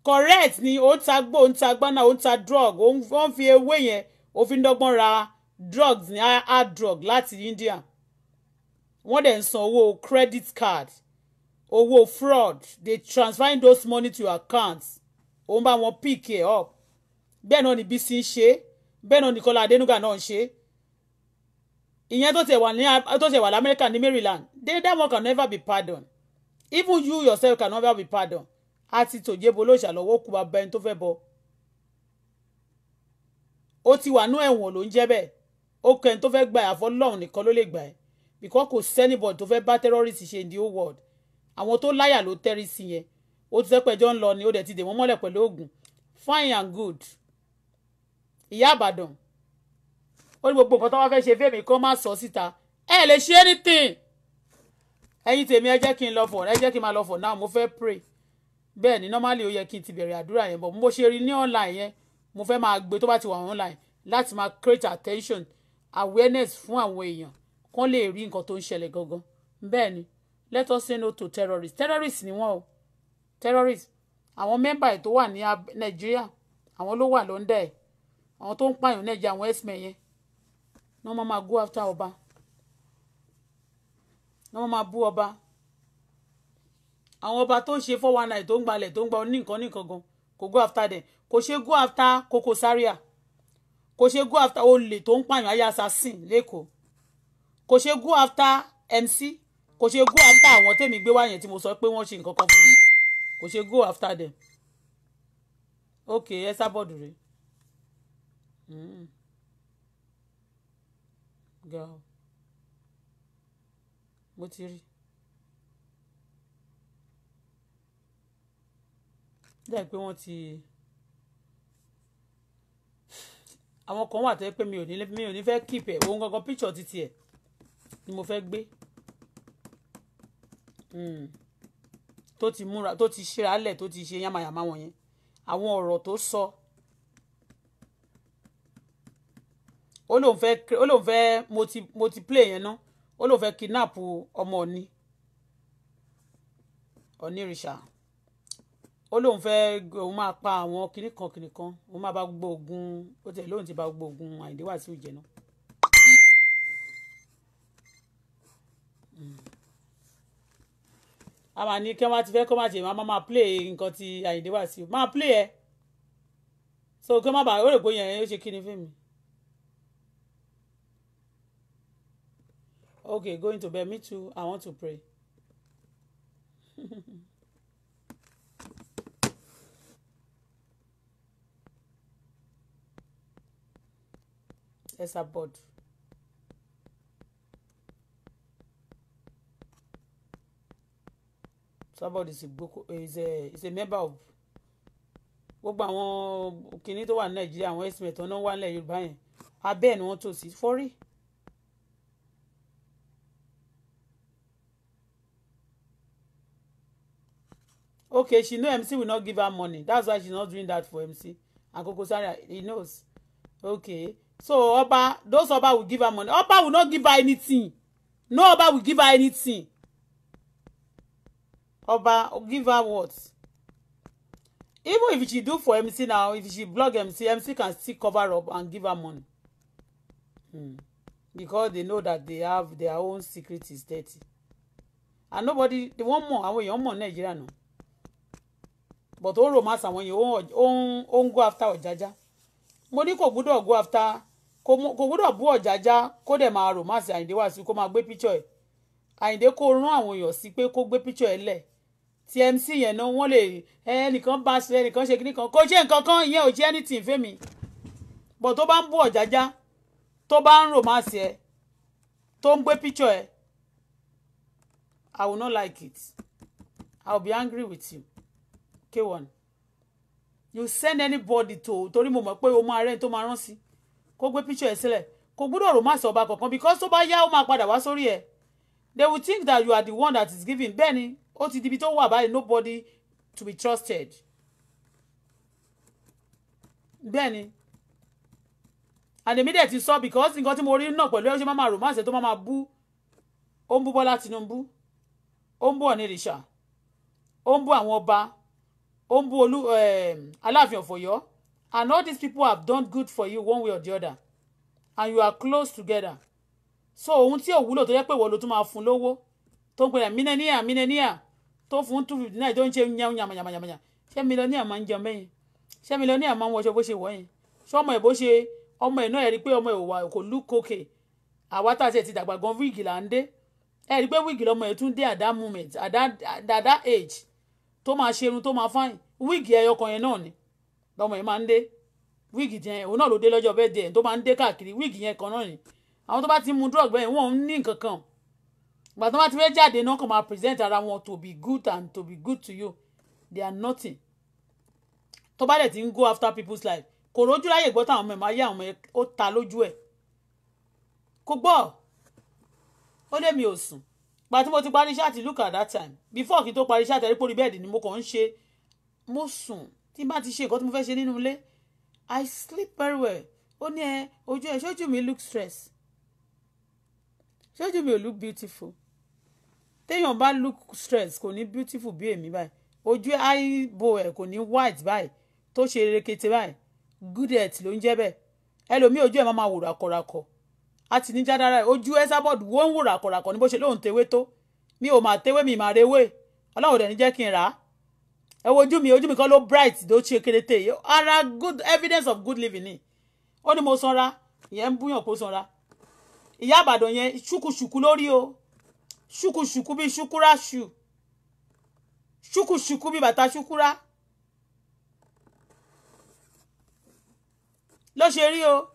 S2: correct ni ó ń ta gbó ó ń ta gbáná ó ń ta drug ó ń fi ewé yẹn ó fi ń dọ́gbọ́n ra drugs ní hard drug láti India wọ́n dẹ̀ ń san owó credit card owó fraud they transferring those money to your account òun bá wọn pick ẹ̀ up bẹ́ẹ̀ náà ni Bísí ń ṣe bẹ́ẹ̀ náà ni Kọ́lá Adénúgà náà ń ṣe ìyẹn tó tẹ̀ wà ní ní Maryland they that one can never be pardoned even you yourself can never be pardoned a ti tòjébo lóṣà lọ́wọ́ kú bàbá ẹni tó fẹ́ bọ ó ti wà nú ẹ̀wọ̀n ló ń jẹ́ bẹ́ẹ̀ ó kọ ẹni tó fẹ́ gbà àfọ́ lọ́hùn nìkan ló lè gbà ẹ́ because kò sẹ́nìbọ̀ tó fẹ́ bá terrorist ṣe in the whole world àwọn tó láyà ló tẹ́rí sí yẹn ó ti sẹ́pẹ̀jọ́ ń lọ ni ó dẹ̀ ti dè wọ́n mọ́lẹ̀ pẹ̀lú oògùn fine and good ìyá àbàdàn ó ní gbogbo nǹkan tó wá fẹ́ ṣe fẹ́mi kó má sọ síta ẹ lè ṣe anything ẹ̀yin tèmi ẹ jẹ́ kí n lọ for ẹ jẹ́ kí n máa lọ for now mo fẹ́ pray bẹ́ẹ̀ ni normally ó yẹ kí n ti bẹ̀rẹ̀ àdúrà yẹn bọ̀ mo ṣe rí ní online yẹn mo fẹ́ máa gbé tó bá ti wà online láti máa create attention awareness fún àwọn èèyàn kán lè rí nǹkan tó ń ṣẹlẹ̀ gangan bẹ́ẹ̀ ni let us say no to terrorists terrorists ni wọ́n o terrorists àwọn mẹ́mbà ẹ̀ tó wà ní nàìjíríà àwọn ló wà lọ́ndà ẹ̀ àwọn tó ń pààyàn nàìjíríà àwọn x-men yẹn wọ́n máa go after ọba ni wọ́n máa bú ọba àwọn ọba tó ń ṣe four one nine tó ń gbalẹ̀ tó ń gba oníkan nìkan gan kò go after them kò ṣe go after Koko Saria. kò ṣe go after olè tó ń pààyàn ayé assassin lẹ́kọ̀ọ́ kò ṣe go after MC kò ṣe go after àwọn tèmi gbé wá yẹn tí mo sọ pé wọ́n ṣe nǹkan kan fún mi kò ṣe go after them ok ẹ sábọ̀dù rè hmm. mo ti rí. dẹ́ pé wọ́n ti àwọn kan wà tó yẹ pé mi ò ní mi ò ní fẹ́ keep ẹ̀ òun gangan picture ti tiẹ̀ ni mo fẹ́ gbé hmm. tó ti múra tó ti ṣe alẹ̀ tó ti ṣe yàmàyàmà wọ̀nyẹn àwọn ọ̀rọ̀ tó sọ ó lóun fẹ́ ó lóun fẹ́ mo yẹn ná ó lóun fẹ́ kidnap ọmọ Ọ̀ọ̀ni Ọ̀ọ̀nirìṣà ó lóun fẹ́ òun máa pa àwọn kinní kan kinní kan òun máa bá gbogbo ogun ó tẹ̀ lóun ti bá gbogbo ogun Àyìndé Wasiu jẹ náà. a máa ní kí wọ́n bá ti fẹ́ kó má ṣe máa máa play nǹkan ti Àyìndé Wasiu máa play ẹ̀ so kí wọ́n má bàa ó rè ó ṣe kí ni fíìmù. okay going to bed me too i want to pray Esabod somebody is a is a is a member of gbogbo àwọn kinní tó wà ní Nàìjíríà àwọn estimate tó wà nílẹ̀ Yorùbá yẹn abẹ́ ẹ̀ ni wọ́n tò sí fọ́rí. okay she know MC will not give her money that's why she's not doing that for MC and Koko he knows okay So Oba, those Oba will give her money. Oba will not give her anything. No Oba will give her anything. Oba will give her what? Even if she do for MC now, if she blog MC, MC can still cover up and give her money. Hmm. Because they know that they have their own secret is dirty. And nobody, they want more. Àwọn èèyàn mọ̀ Nàìjíríà náà. But ó romance àwọn èèyàn ó ń go after Ọ̀jájá. Mo ní kò gbúdọ̀ go after kò gbọ́dọ̀ bú ọ̀jájá kó dẹ̀ máa rò máàsì àyìndé wá sí kó máa gbé píchọ̀ ẹ̀ àyìndé kó rán àwọn èèyàn sí pé kó gbé píchọ̀ ẹ̀ lẹ̀ tí mc yẹn náà wọ́n lè ẹnìkan bá ṣe ẹnìkan ṣe kíní kan kò ṣe nǹkan kan ìyẹn ò ṣe anything fẹ́mi bọ̀ tó bá ń bú ọ̀jájá tó bá ń rò máàsì ẹ̀ tó ń gbé píchọ̀ ẹ̀ I will not like it. I will be angry with you. k one. You send anybody to torí mo mọ̀ pé o máa rẹ́ni tó máa rán sí. Si kó gbé picture ẹ̀ sílẹ̀ kò gbúdọ̀ rò má sọ ọba kankan because tó bá yá ó máa padà wá sórí ẹ̀ they will think that you are the one that is giving bẹ́ẹ̀ ni ó ti di ibi tó wà báyìí nobody to be trusted bẹ́ẹ̀ ni àdèmí dẹ̀ ti sọ because nǹkan tí mo rí náà pẹ̀lú ẹ̀ ṣe máa rò má ṣe tó máa bú ó ń bú Bọ́lá Tinubu ó ń bú Ọ̀nìrìṣà ó ń bú àwọn ọba ó ń bú olú eh, ọ̀fọ̀yọ́ and all these people have done good for you one way or the other and you are close together so ohun tí ò wúlò tó yẹ pé ìwọ ló tún máa fún lówó tó ń gbẹdà mílíọ̀nìyà mílíọ̀nìyà tó fún two fifty nine tó ń ṣe yan yàmàyàmàyà ṣé mílíọ̀nìyà máa ń jẹun bẹ́yìn ṣé mílíọ̀nìyà máa ń wọṣọ bó ṣe wọ̀ yẹn ṣé ọmọ ẹ̀ bó ṣe ọmọ ẹ̀ náà ẹ̀ rí pé ọmọ ẹ̀ wà kò lú kókè àwa tá a ṣe ti dàgbà gan wíìgì là ń dé ẹ̀ rí pé wíìgì lọmọ ẹ̀ tún dé at that moment at that at that age tó máa ṣerun tó máa fáyìn wíìgì ẹyọkan yẹn náà ni lọ́mọ yẹn máa ń dé wíìgì yẹn òun náà ló dé lọ́jọ́ bẹ́ẹ̀ díẹ̀ tó máa ń dé káàkiri wíìgì yẹn kan náà ni àwọn tó bá ti mu drug bẹ́ẹ̀ wọ́n ń ní nǹkan kan ìgbà tó bá ti fẹ́ jáde náà kàn máa present ara wọn to be good and to be good to you they are nothing tó bá dẹ̀ ti ń go after people's life kò rójú láyè gbọ́ táwọn ọmọ ẹ̀ máa yé àwọn ẹ̀ ó ta lójú ẹ̀ kò gbọ́ ó lé mi ò sùn gba tí mo ti parí ṣáàtì look at that time before kí n tó parí ṣáàtì ẹ̀rí pórí bẹ́ẹ̀dì ni mo kàn ń ṣe mo sùn tí n bá ti ṣe nǹkan tí mo fẹ́ ṣe nínú ilé I sleep very well ó ní ẹ ojú ẹ ṣojú mi look stress ṣojú mi ò look beautiful téèyàn bá look stress kò ní beautiful bí èmi báyìí ojú àìbò ẹ kò ní white báyìí tó ṣe rekete báyìí good health ló ń jẹ́ bẹ́ẹ̀ ẹlòmíì ojú ẹ máa máa wò ràkọ̀ràkọ̀ a ti ní jádára ojú ẹ sábọ̀dù wọ́n ń wò ràkọ̀ràkọ̀ ní bó ṣe lóun tewé tó mi ò máa tewé mi máa rewé ọlọ́run dẹ̀ ní jẹ́ kí n rà á ẹ wo ojú mi ojú mi kan ló bright ló ṣe kérété ara good evidence of good living ni ó ní mo sanra ìyẹn ń búyàn kó sanra ìyá àbàdàn yẹn ṣùkùṣùkù lórí o ṣùkùṣùkù bíi ṣùkúrà ṣù ṣùkùṣùkù bíi bàtà ṣùkúrà ló ṣe rí o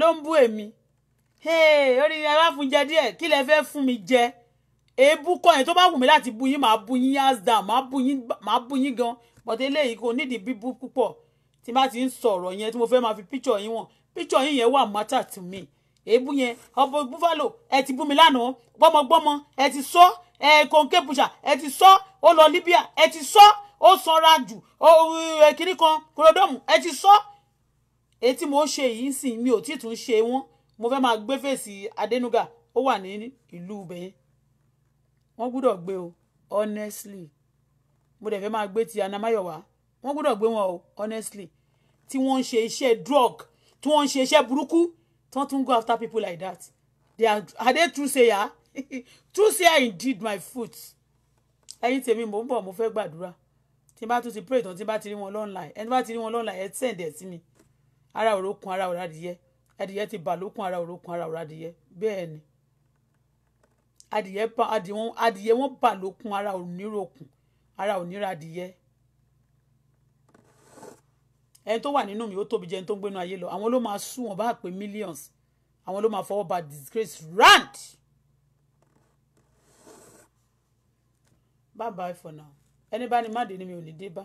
S2: ló ń bú èmi orí ẹ wá fún jẹ díẹ̀ kí lẹ fẹ́ fún mi jẹ èébú kọ́ yẹn tó bá wù mí láti bú yín màá bú yín yas down màá yín gan but eléyìí kò nídìí bíbú púpọ̀ tí má ti ń sọ̀rọ̀ yẹn tí mo fẹ́ máa fi picture yín wọ̀n picture yín yẹn wà matter to me èébú yẹn ọbọ búfalo ẹ ti bú mi lánàá gbọmọgbọmọ ẹ ti sọ ẹ kòńké bùṣà ẹ ti sọ ó lọ Libya ẹ ti sọ ó sanra jù ó kiri kan kúròdọ́mù ẹ ti sọ èyí tí mo ṣe yìí sìn mi ò tí tún ṣe wọn mo fẹ́ máa gbé fèsì Adénúgà ó wà ní ìlú bẹ́ẹ̀ wọ́n gbúdọ̀ gbé o honestly mo dẹ̀ fẹ́ máa gbé ti anamáyọ̀wá wọ́n gbúdọ̀ gbé wọn o honestly tí wọ́n ń ṣe iṣẹ́ drug tí wọ́n ń ṣe iṣẹ́ burúkú tí wọ́n tún go after people like that they are are they true sayer true sayer indeed my foot ẹ̀yin tèmi mò ń bọ̀ mo fẹ́ gbàdúrà tí n bá tún ti pray tán tí n bá ti rí wọn online ẹni bá ti rí wọn online ẹ send ẹ sí mi ara òrókun ara òrádìyẹ ẹdìyẹ ti bà lókun ara òrókun ara òrádìyẹ bẹ́ẹ̀ ni adìyẹ bá adìyẹ wọn bà lókun ara ò ní rokùn ara ò ní ra adìyẹ ẹni tó wà nínú mi ó tóbi jẹ́ ẹni tó ń gbénu ayé lọ àwọn ló máa sùn wọn bá pé millions àwọn ló máa fọwọ́ ba disgrace rand. bye bye for now ẹni bá ní má dé ni mi ò ní dé bá.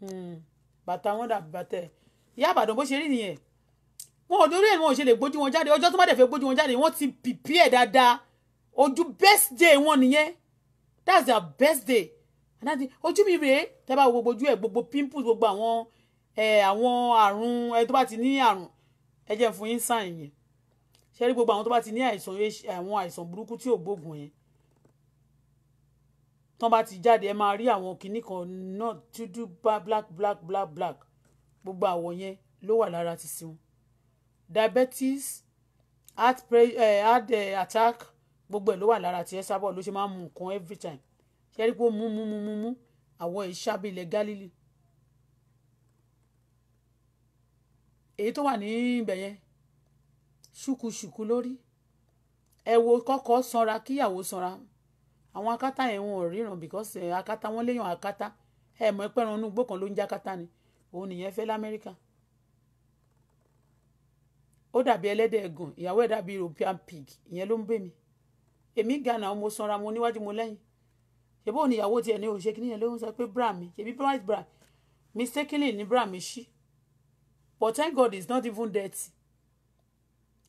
S2: Hmm. bàtà wọn dàbí bàtà ẹ ìyá àbàdàn bó ṣe rí nìyẹn wọn ò lórí ẹ̀ wọn ò ṣe lè gbójú wọn jáde ọjọ́ tó bá dẹ̀ fẹ́ gbójú wọn jáde wọ́n ti prepare dáadáa ojú best day wọn nìyẹn that's their best day and that's it ojú mi rèé tẹ́ bá gbogbo ojú ẹ̀ gbogbo pimples gbogbo àwọn àwọn àrùn ẹ tó bá ti ní àrùn ẹ jẹ́ fún yín sàn yẹn ṣe rí gbogbo àwọn tó bá ti ní àìsàn àwọn àìsàn burúkú tí ò gbóògùn yẹn tán bá ti jáde ẹ máa rí àwọn kinní kan náà dúdú black black black black gbogbo àwọ̀ yẹn ló wà lára ti sí wọn diabetes heart pressure uh heart eh, attack gbogbo ẹ̀ ló wà lára tiẹ̀ sábọ̀ ló ṣe máa ń mu nǹkan every time ṣe é rí pé ó mú mú mú mú mú àwọn ìṣàbí ilẹ̀ Galilee èyí tó wà ní ibẹ̀ yẹn ṣùkùṣùkù lórí ẹ wo kọ́kọ́ sanra kíyàwó sanra àwọn akátá yẹn wọn ò ríran because eh, akátá wọn léèyàn akátá ẹ mọ̀ ẹpẹ́ran inú igbó kan ló ń jẹ́ akátá ni òun nìyẹn fẹ́ lamẹ́ríkà ó dàbí ẹlẹ́dẹ̀ ẹ̀gàn ìyàwó ẹ̀ dàbí european pig ìyẹn ló ń bè mí èmi gànà mo sanra mo níwájú mo lẹ́yìn ṣebí òun ìyàwó tiẹ̀ ní òṣèkí nìyẹn ló ń sọ pé bra mi ṣebí bright bra mistakenly ní bra mi ṣí but thank god it's not even dirty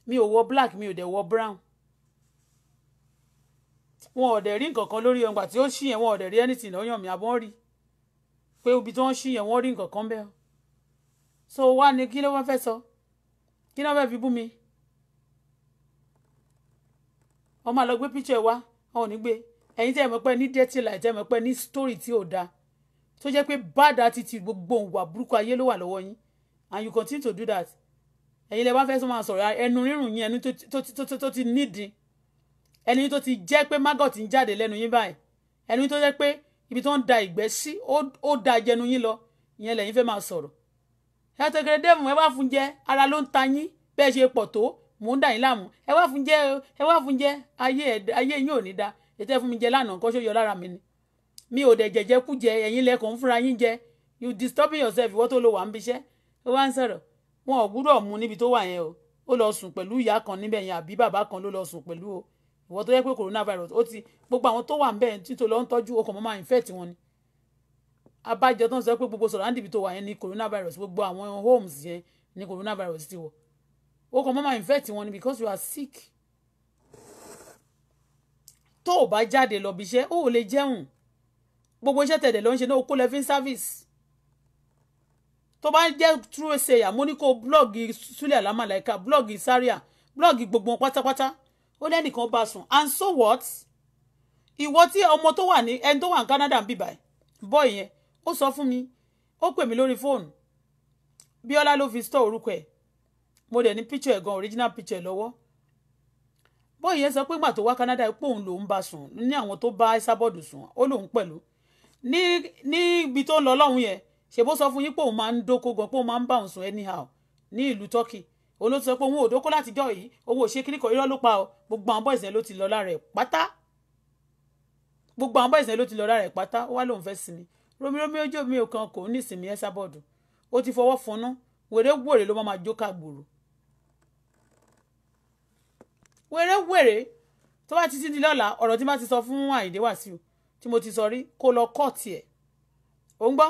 S2: mi ò wọ black mi ò dẹ̀ wọ brown wọn ò dẹ̀ rí nǹkan kan lórí ọgbà tí ó ṣì yẹn wọn ò dẹ̀ rí anything lọ́yàn mi àbọ̀n rí pé ibi tí wọ́n ṣì yẹn wọ́n rí nǹkan kan bẹ́ẹ̀ so wá ní kí ló wọ́n fẹ́ sọ. So kí náà fẹ́ẹ́ fi bú mi wọ́n máa lọ gbé picture wá wọn ò ní gbé ẹ̀yin tẹ́ ẹ ní dirty light tẹ́ ẹ mọ̀ pé ní story tí ò da tó jẹ́ pé bad attitude gbogbo ìwà burúkú ayé ló wà lọ́wọ́ yín and you continue to do that ẹ̀yin lè bá fẹ́ sọ máa sọ̀rọ̀ ẹnu rírùn yín ẹnu tó ti nídìí ẹni tó ti jẹ́ pé maggot ń jáde lẹ́nu yín báyìí ẹni tó jẹ́ pé ibi tó ń da ìgbẹ́ sí ó da jẹnu yín lọ ìyẹn lẹ́yìn fẹ́ máa sọ̀rọ̀ ẹ̀tọ́gẹ̀rẹ̀ dẹ́mu ẹ wá fún jẹ ara ló ń ta yín bẹ́ẹ̀ ṣe pọ̀ tó mò ń dà yín láàmú ẹ wá fún jẹ ẹ wá fún jẹ ayé ayé yín ò ní da ètò ẹ fún mi jẹ lánàá nǹkan yọ lára mi ni mi ò dẹ̀ jẹ̀jẹ̀ kú jẹ ẹ̀yin lẹ́kọ̀ọ́ ń fúnra yín jẹ you disturbing yourself ìwọ tó lo wà ń biṣẹ́ ó wá ń sọ̀rọ̀ wọn ò gbúdọ̀ mú níbi tó wà yẹn o ó lọ sùn pẹ̀lú ìyá kan níbẹ̀ yẹn àbí bàbá kan ló lọ sùn pẹ̀lú o ìwọ tó yẹ pé coronavirus ó ti gbogbo àwọn tó wà ń bẹ̀ títò lọ ń tọ́jú okùn mọ́ infect wọn ni abájọ tó ń sọ pé gbogbo surrounding ibi tó wà yẹn ní coronavirus gbogbo àwọn homes yẹn ní coronavirus ti wọ̀ ó kàn mọ́mọ́ infect wọn ni because you are sick tó o bá jáde lọ bí iṣẹ́ ó ò lè jẹun gbogbo iṣẹ́ tẹ̀dẹ̀ ló ń ṣe náà ó kó lẹ́fín service tó bá jẹ́ true sayer mo ní kó blọ́ọ̀gì sulẹ̀ alámàlàíkà blọ́ọ̀gì sáríà blọ́ọ̀gì gbogbo wọn pátápátá ó lẹ́nìkan bá sùn and so what ìwọ tí ọmọ tó wà ní ẹni tó wà ní Canada ń bì báyìí bọ́ọ̀ yẹn ó sọ fún mi ó pè mí lórí fóònù bíọ́lá ló fi store orúkọ ẹ̀ mo dẹ̀ ní picture ẹ̀ gan original picture ẹ̀ lọ́wọ́ bọ́ọ̀yì yẹn sọ pé gbà tó wá Canada pé òun lòún bá sùn ní àwọn tó bá Esabod sùn ó lòún pẹ̀lú ní níbi tó ń lọ lọ́hùn yẹn ṣèbó sọ fún yín pé òun máa ń dóko gan pé òun máa ń bá òun sùn anyhow ní ìlú Turkey òun ló sọ pé òun ò dóko láti jọ yìí òun ò ṣe kíní kan irọ́ ló pa ọ gbogbo àwọn bọ́ọ̀sì yẹn ló ti lọ lára ẹ̀ pátá gbogbo àwọn bọ́ọ̀sì yẹn ló ti lọ lára ẹ̀ pátá ó wá lóun fẹ́ sinmi romiromi ojú mi ò kan kò ní ìsinmi ẹ́sà bọ́ọ̀dù ó ti fọwọ́ funnú wèrè wèrè ló máa jó kàgbòrò wèrè wèrè tó bá ti ti di lọ́la ọ̀rọ̀ tí má ti sọ fún àyíndé wàsíù tí mo ti sọ rí kó lọ kọ́ọ̀tì ẹ̀ ò ń gbọ́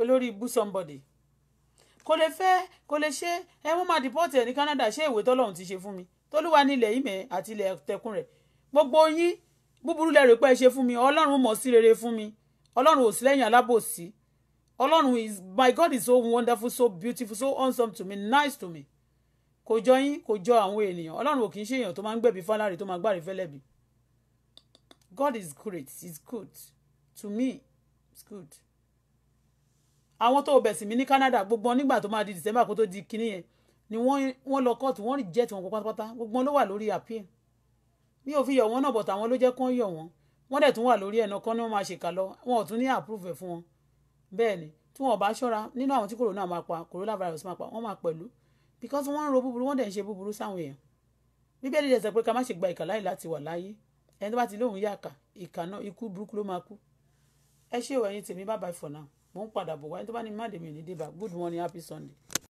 S2: olórí ibú somebody kò lè fẹ́ kò lè ṣe ẹ wọ́n máa dìpọ́tì ẹ̀ ní Canada ṣé ìwé tọ́lọ́run ti ṣe fún mi tólúwa ní ilẹ̀ ìmẹ̀ àti ilẹ̀ tẹkùn rẹ̀ gbogbo yín búburú lẹ rò pé ẹ ṣe fún mi ọlọ́run mọ̀ sí rere fún mi ọlọ́run ò sí lẹ́yìn alábòsí ọlọ́run is my God is so wonderful so beautiful so awesome to me nice to me kò jọ yín kò jọ àwọn ènìyàn ọlọ́run ò kì í ṣe èèyàn tó máa ń gbẹ̀bí fáláre tó máa gbàrí fẹ́lẹ́bí God is great is good to me is good. àwọn tó bẹ̀ sí mi ní Canada gbogbo nígbà tó máa di December kó tó di kinní yẹn ni wọ́n lọ kóòtù wọ́n reject wọn pátápátá gbogbo ló wà lórí appeal mi ò fi yọ̀ wọ́n náà bọ̀tà àwọn ló jẹ́ kán yọ̀ wọ́n wọ́n dẹ̀ tún wà lórí ẹ̀nà kan ní wọ́n máa ṣèkà lọ wọn ò tún ní àpúrúfẹ̀ fún wọn bẹ́ẹ̀ ni tí wọn ò bá ṣọ́ra nínú àwọn tí corona máa pa corona virus máa pa wọ́n máa pẹ̀lú because wọ́n ń ro búburú wọ́n dẹ̀ ń ṣe búburú sáwọn èèyàn bíbélì dẹ̀ sọ pé ká má ṣe gba ìkà láì láti wà láyé ẹni tó bá ti lóun yà kà ìkà náà ikú burúkú ló máa kú ẹ ṣé o ẹ̀yin tèmi bye bye mò ń padà bọ̀ wá good morning happy sunday.